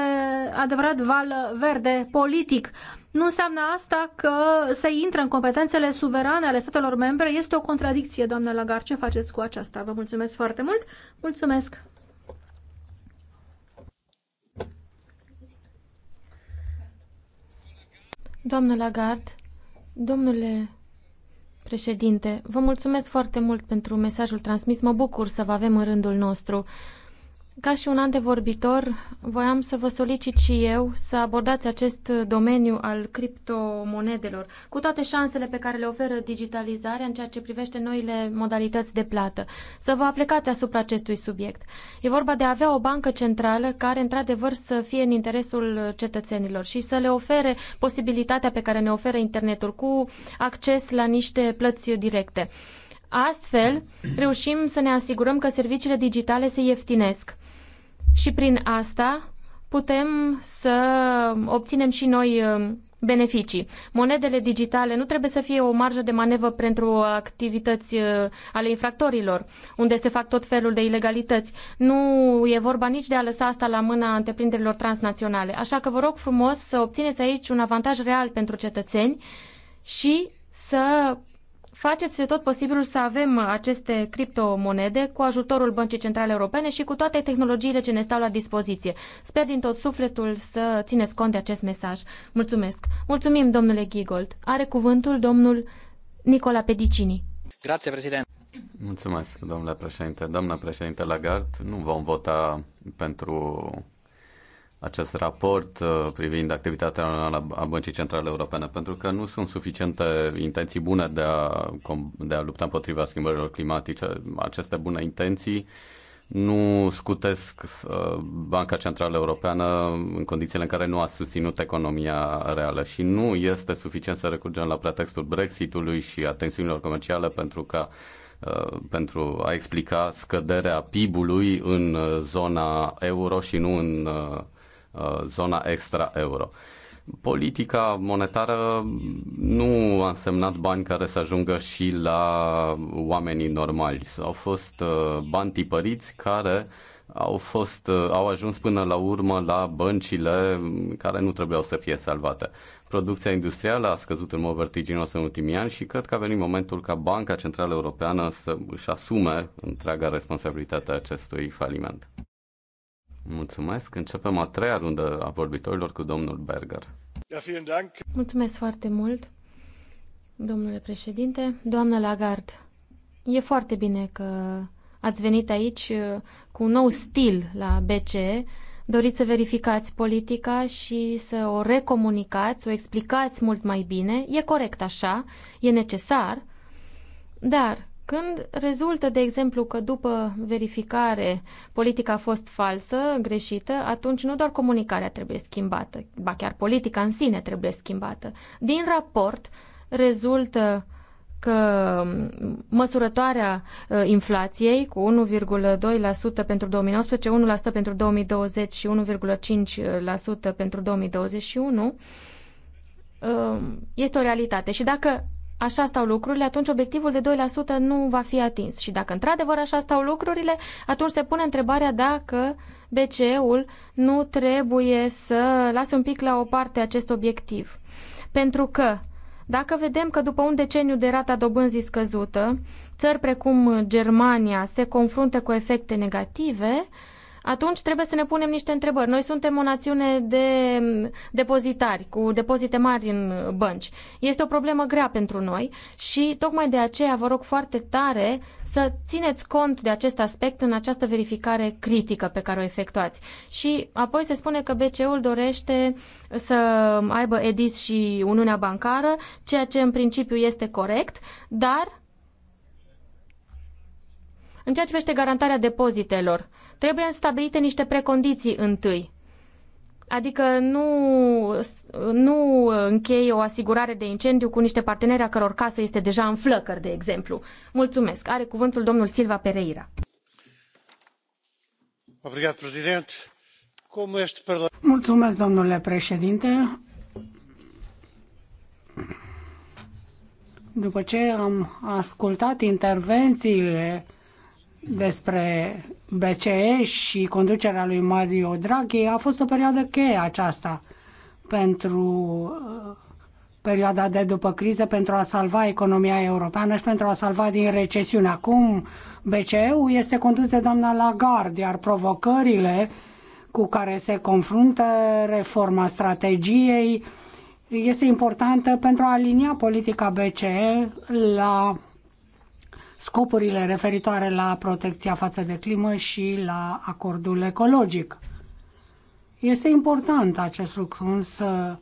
B: adevărat val verde politic. Nu înseamnă asta că se intră în competențele suverane ale statelor membre. Este o contradicție, doamnă Lagar. Ce faceți cu aceasta? Vă mulțumesc foarte
G: mult. Mulțumesc. Doamnă Lagarde, domnule președinte, vă mulțumesc foarte mult pentru mesajul transmis. Mă bucur să vă avem în rândul nostru. Ca și un antevorbitor, voiam să vă solicit și eu să abordați acest domeniu al criptomonedelor, cu toate șansele pe care le oferă digitalizarea în ceea ce privește noile modalități de plată. Să vă aplicați asupra acestui subiect. E vorba de a avea o bancă centrală care, într-adevăr, să fie în interesul cetățenilor și să le ofere posibilitatea pe care ne oferă internetul cu acces la niște plăți directe. Astfel, reușim să ne asigurăm că serviciile digitale se ieftinesc și prin asta putem să obținem și noi uh, beneficii. Monedele digitale nu trebuie să fie o marjă de manevră pentru activități uh, ale infractorilor, unde se fac tot felul de ilegalități. Nu e vorba nici de a lăsa asta la mâna întreprinderilor transnaționale. Așa că vă rog frumos să obțineți aici un avantaj real pentru cetățeni și să Faceți tot posibilul să avem aceste criptomonede cu ajutorul Băncii Centrale Europene și cu toate tehnologiile ce ne stau la dispoziție. Sper din tot sufletul să țineți cont de acest mesaj. Mulțumesc. Mulțumim, domnule Gigold. Are cuvântul domnul Nicola Pedicini.
C: Grazie, președinte. Mulțumesc, domnule președinte. Doamna președinte Lagarde, nu vom vota pentru acest raport uh, privind activitatea a Băncii Centrale Europene, pentru că nu sunt suficiente intenții bune de a, de a lupta împotriva schimbărilor climatice. Aceste bune intenții nu scutesc uh, Banca Centrală Europeană în condițiile în care nu a susținut economia reală și nu este suficient să recurgem la pretextul Brexitului și a tensiunilor comerciale pentru că uh, pentru a explica scăderea PIB-ului în zona euro și nu în Uh, zona extra-euro. Politica monetară nu a însemnat bani care să ajungă și la oamenii normali. Au fost uh, bani tipăriți care au, fost, uh, au ajuns până la urmă la băncile care nu trebuiau să fie salvate. Producția industrială a scăzut în mod vertiginos în ultimii ani și cred că a venit momentul ca Banca Centrală Europeană să își asume întreaga responsabilitate a acestui faliment. Mulțumesc. Începem a treia rundă a vorbitorilor cu domnul Berger.
G: Mulțumesc foarte mult, domnule președinte. Doamnă Lagarde, e foarte bine că ați venit aici uh, cu un nou stil la BCE. Doriți să verificați politica și să o recomunicați, să o explicați mult mai bine. E corect așa, e necesar, dar când rezultă, de exemplu, că după verificare politica a fost falsă, greșită, atunci nu doar comunicarea trebuie schimbată, ba chiar politica în sine trebuie schimbată. Din raport rezultă că măsurătoarea uh, inflației cu 1,2% pentru 2019, 1% pentru 2020 și 1,5% pentru 2021 uh, este o realitate. Și dacă așa stau lucrurile, atunci obiectivul de 2% nu va fi atins. Și dacă într-adevăr așa stau lucrurile, atunci se pune întrebarea dacă BCE-ul nu trebuie să lase un pic la o parte acest obiectiv. Pentru că dacă vedem că după un deceniu de rata dobânzii scăzută, țări precum Germania se confruntă cu efecte negative, atunci trebuie să ne punem niște întrebări. Noi suntem o națiune de mm, depozitari, cu depozite mari în bănci. Este o problemă grea pentru noi și tocmai de aceea vă rog foarte tare să țineți cont de acest aspect în această verificare critică pe care o efectuați. Și apoi se spune că BCE-ul dorește să aibă EDIS și Uniunea Bancară, ceea ce în principiu este corect, dar în ceea ce privește garantarea depozitelor, trebuie stabilite niște precondiții întâi. Adică nu, nu închei o asigurare de incendiu cu niște parteneri a căror casă este deja în flăcări, de exemplu. Mulțumesc. Are cuvântul domnul Silva Pereira.
F: Obrigat, prezident. Cum ești
G: Mulțumesc,
E: domnule președinte. După ce am ascultat intervențiile despre BCE și conducerea lui Mario Draghi a fost o perioadă cheie aceasta pentru uh, perioada de după criză pentru a salva economia europeană și pentru a salva din recesiune. Acum BCE-ul este condus de doamna Lagarde, iar provocările cu care se confruntă reforma strategiei este importantă pentru a alinia politica BCE la scopurile referitoare la protecția față de climă și la acordul ecologic. Este important acest lucru, însă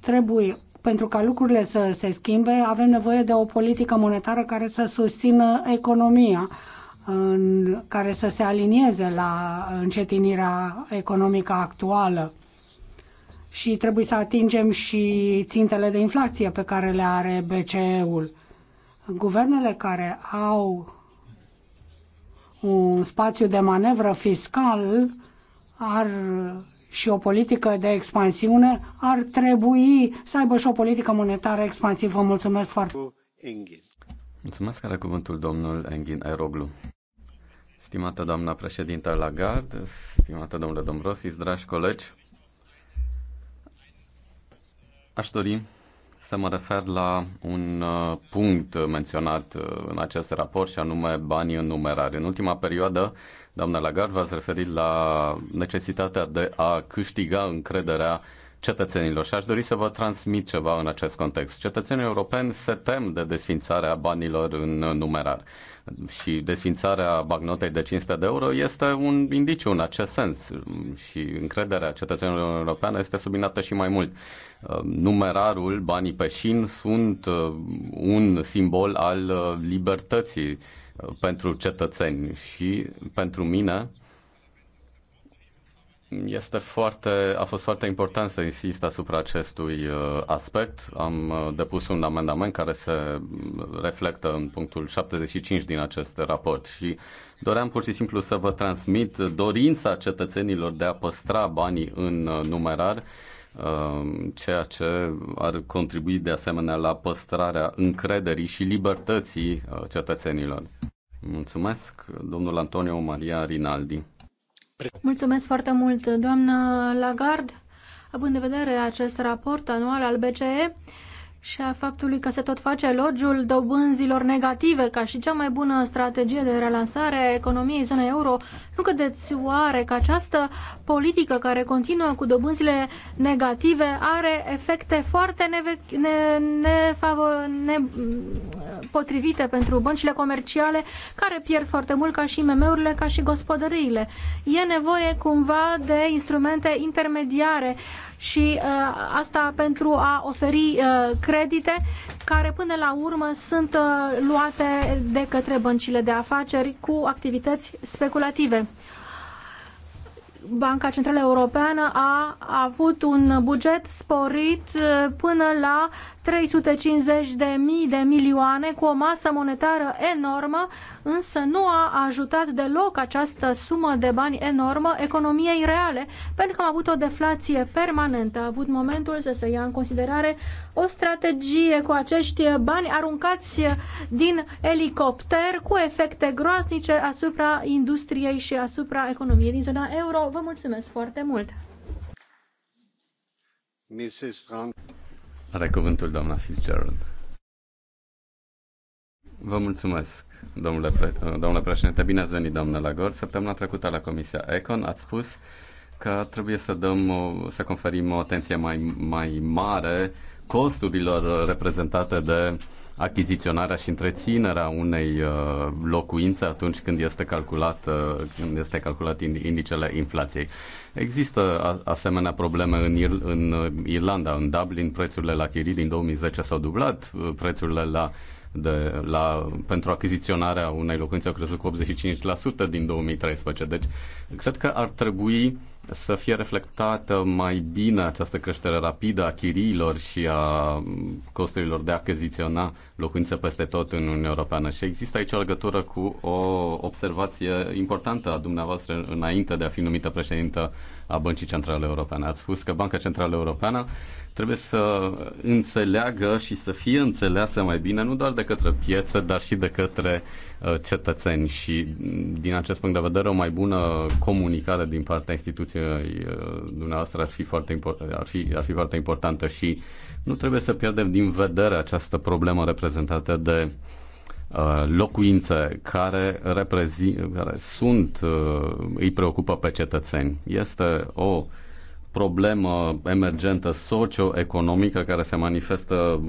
E: trebuie, pentru ca lucrurile să se schimbe, avem nevoie de o politică monetară care să susțină economia, în, care să se alinieze la încetinirea economică actuală și trebuie să atingem și țintele de inflație pe care le are BCE-ul. Guvernele care au un spațiu de manevră fiscal ar, și o politică de expansiune ar trebui să aibă și o politică monetară expansivă. Mulțumesc foarte mult!
C: Mulțumesc, are cuvântul domnul Engin Aeroglu. Stimată doamna președintă Lagarde, stimată domnule Dombrosis, dragi colegi, aș dori să mă refer la un uh, punct menționat uh, în acest raport și anume banii în numerare. În ultima perioadă, doamna Lagarde, v-ați referit la necesitatea de a câștiga încrederea cetățenilor și aș dori să vă transmit ceva în acest context. Cetățenii europeni se tem de desfințarea banilor în numerar și desfințarea bagnotei de 500 de euro este un indiciu în acest sens și încrederea cetățenilor europeană este subminată și mai mult. Uh, numerarul, banii pe șin, sunt uh, un simbol al uh, libertății pentru cetățeni și pentru mine este foarte, a fost foarte important să insist asupra acestui uh, aspect. Am uh, depus un amendament care se mm, reflectă în punctul 75 din acest raport și doream pur și simplu să vă transmit dorința cetățenilor de a păstra banii în uh, numerar, ceea ce ar contribui de asemenea la păstrarea încrederii și libertății cetățenilor. Mulțumesc, domnul Antonio Maria Rinaldi.
B: Mulțumesc foarte mult, doamnă Lagarde. Având în vedere acest raport anual al BCE, și a faptului că se tot face logiul dobânzilor negative ca și cea mai bună strategie de relansare a economiei zonei euro. Nu cădeți oare că această politică care continuă cu dobânzile negative are efecte foarte neve- ne- ne- potrivite pentru băncile comerciale care pierd foarte mult ca și MM-urile, ca și gospodăriile? E nevoie cumva de instrumente intermediare uh, și uh, asta pentru a oferi uh, credite care până la urmă sunt uh, luate de către băncile de afaceri cu activități speculative. Banca Centrală Europeană a avut un buget sporit până la 350 de mii de milioane cu o masă monetară enormă, însă nu a ajutat deloc această sumă de bani enormă economiei reale, pentru că am avut o deflație permanentă. A avut momentul să se ia în considerare o strategie cu acești bani aruncați din elicopter cu efecte groaznice asupra industriei și asupra economiei din zona euro. Vă mulțumesc foarte mult!
C: Mrs. Are cuvântul doamna Fitzgerald. Vă mulțumesc, domnule, pre- domnule președinte. Bine ați venit, doamnă Lagor. Săptămâna trecută la Comisia Econ ați spus că trebuie să dăm, să conferim o atenție mai, mai mare costurilor reprezentate de achiziționarea și întreținerea unei uh, locuințe atunci când este calculat, uh, când este calculat indicele inflației. Există asemenea probleme în, Ir- în uh, Irlanda, în Dublin, prețurile la chirii din 2010 s-au dublat, prețurile la de, la, pentru achiziționarea unei locuințe au crescut cu 85% din 2013. Deci, cred că ar trebui să fie reflectată mai bine această creștere rapidă a chiriilor și a mm, costurilor de a achiziționa locuință peste tot în Uniunea Europeană. Și există aici o legătură cu o observație importantă a dumneavoastră înainte de a fi numită președintă a Băncii Centrale Europene. Ați spus că Banca Centrală Europeană trebuie să înțeleagă și să fie înțeleasă mai bine, nu doar de către piață, dar și de către uh, cetățeni. Și mm, din acest punct de vedere, o mai bună comunicare din partea instituției uh, dumneavoastră ar fi foarte, impor- ar fi, ar fi foarte importantă și nu trebuie să pierdem din vedere această problemă reprezentată de uh, locuințe care, reprezi- care sunt, uh, îi preocupă pe cetățeni. Este o problemă emergentă socioeconomică care se manifestă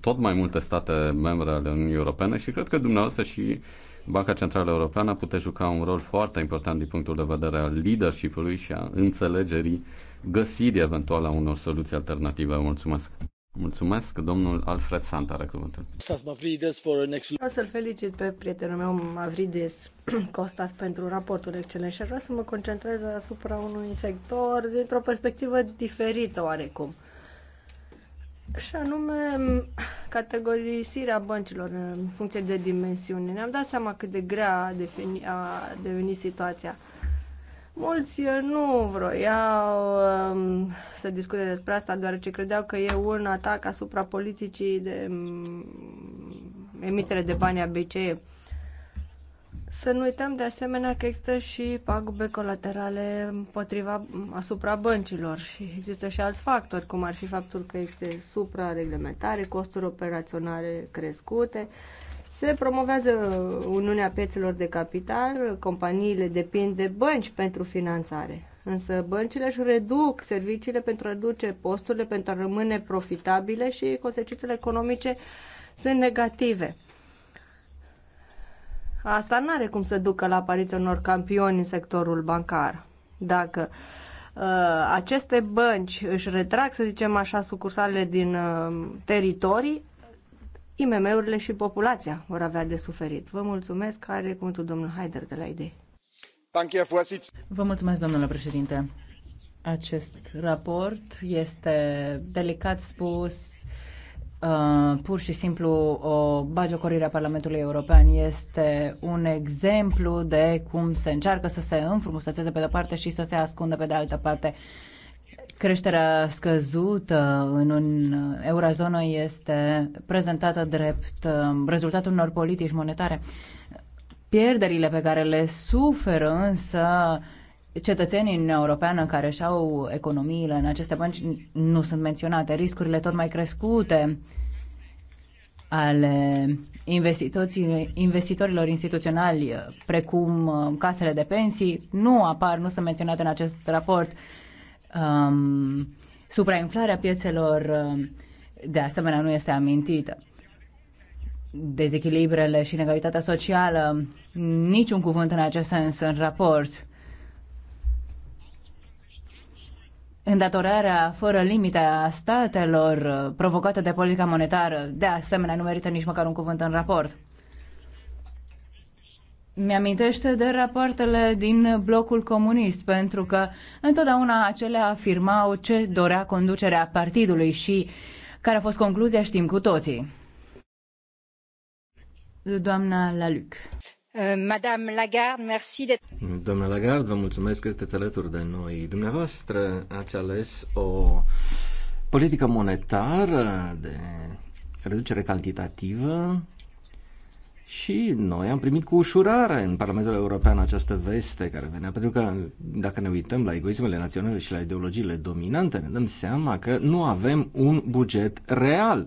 C: tot mai multe state membre ale Uniunii Europene și cred că dumneavoastră și Banca Centrală Europeană putea juca un rol foarte important din punctul de vedere al leadership-ului și a înțelegerii găsirii eventuale a unor soluții alternative. Mulțumesc! Mulțumesc, domnul Alfred Sant are cuvântul.
F: Vreau să-l
A: felicit pe prietenul meu, Mavridis Costas, pentru raportul excelent și vreau să mă concentrez asupra unui sector dintr-o perspectivă diferită oarecum. Și anume categorisirea băncilor în funcție de dimensiune. Ne-am dat seama cât de grea a, a devenit situația. Mulți eh, nu vroiau um, să discute despre asta, deoarece credeau că e un atac asupra politicii de um, emitere de bani a BCE. Să nu uităm de asemenea că există și pagube colaterale împotriva, mm, asupra băncilor și există și alți factori, cum ar fi faptul că este supra reglementare, costuri operaționale crescute, uh, se promovează Uniunea Piețelor de Capital, companiile depind de bănci pentru finanțare. Însă băncile își reduc serviciile pentru a reduce posturile, pentru a rămâne profitabile și consecințele economice sunt negative. Asta nu are cum să ducă la apariția unor campioni în sectorul bancar. Dacă uh, aceste bănci își retrag, să zicem așa, sucursale din uh, teritorii, IMM-urile și populația vor avea de suferit. Vă mulțumesc, are cuvântul domnul Haider de la idei.
D: Vă mulțumesc, domnule președinte. Acest raport este, delicat spus, Uh, pur și simplu o bagiocorire a Parlamentului European este un exemplu de cum se încearcă să se înfrumusețeze pe de-o parte și să se ascundă pe de altă parte uh, Creșterea scăzută în un uh, eurozonă este prezentată drept um, rezultatul unor politici monetare. Pierderile pe care le suferă însă cetățenii în Europeană care și-au economiile în aceste bănci nu sunt menționate. Riscurile tot mai crescute ale investitorilor instituționali, precum uh, casele de pensii, nu apar, nu sunt menționate în acest raport. Um, suprainflarea piețelor um, de asemenea nu este amintită. Dezechilibrele și inegalitatea socială, niciun cuvânt în acest sens în raport. Îndatorarea fără limite a statelor uh, provocată de politica monetară, de asemenea, nu merită nici măcar un cuvânt în raport mi-amintește de rapoartele din blocul comunist, pentru că întotdeauna acelea afirmau ce dorea conducerea partidului și care a fost concluzia știm cu toții. Doamna Laluc. Uh, Madame Lagarde, merci de...
F: Doamna Lagarde, vă mulțumesc că sunteți alături de noi. Dumneavoastră ați ales o politică monetară de reducere cantitativă și noi am primit cu ușurare în Parlamentul European această veste care venea, pentru că dacă ne uităm la egoismele naționale și la ideologiile dominante, ne dăm seama că nu avem un buget real,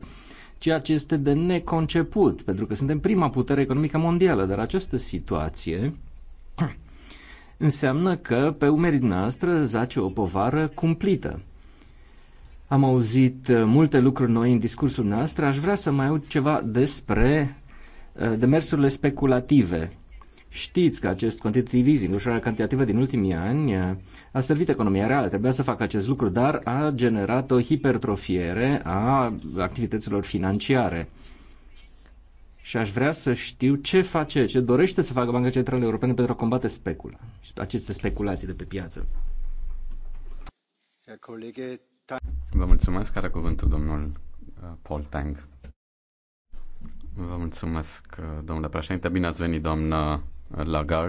F: ceea ce este de neconceput, pentru că suntem prima putere economică mondială, dar această situație înseamnă că pe umerii noastre zace o povară cumplită. Am auzit multe lucruri noi în discursul nostru, aș vrea să mai aud ceva despre Eh, demersurile speculative. Știți că acest quantitative ușurarea cantitativă din ultimii ani, eh, a servit economia reală, trebuia să facă acest lucru, dar a generat o hipertrofiere a activităților financiare. Și aș vrea să știu ce face, ce dorește să facă Banca Centrală Europeană
C: pentru a combate specula, aceste speculații de pe piață. Vă mulțumesc. care cuvântul domnul eh, Paul Tang. Vă mulțumesc, domnule președinte. Bine ați venit, doamnă Lagarde.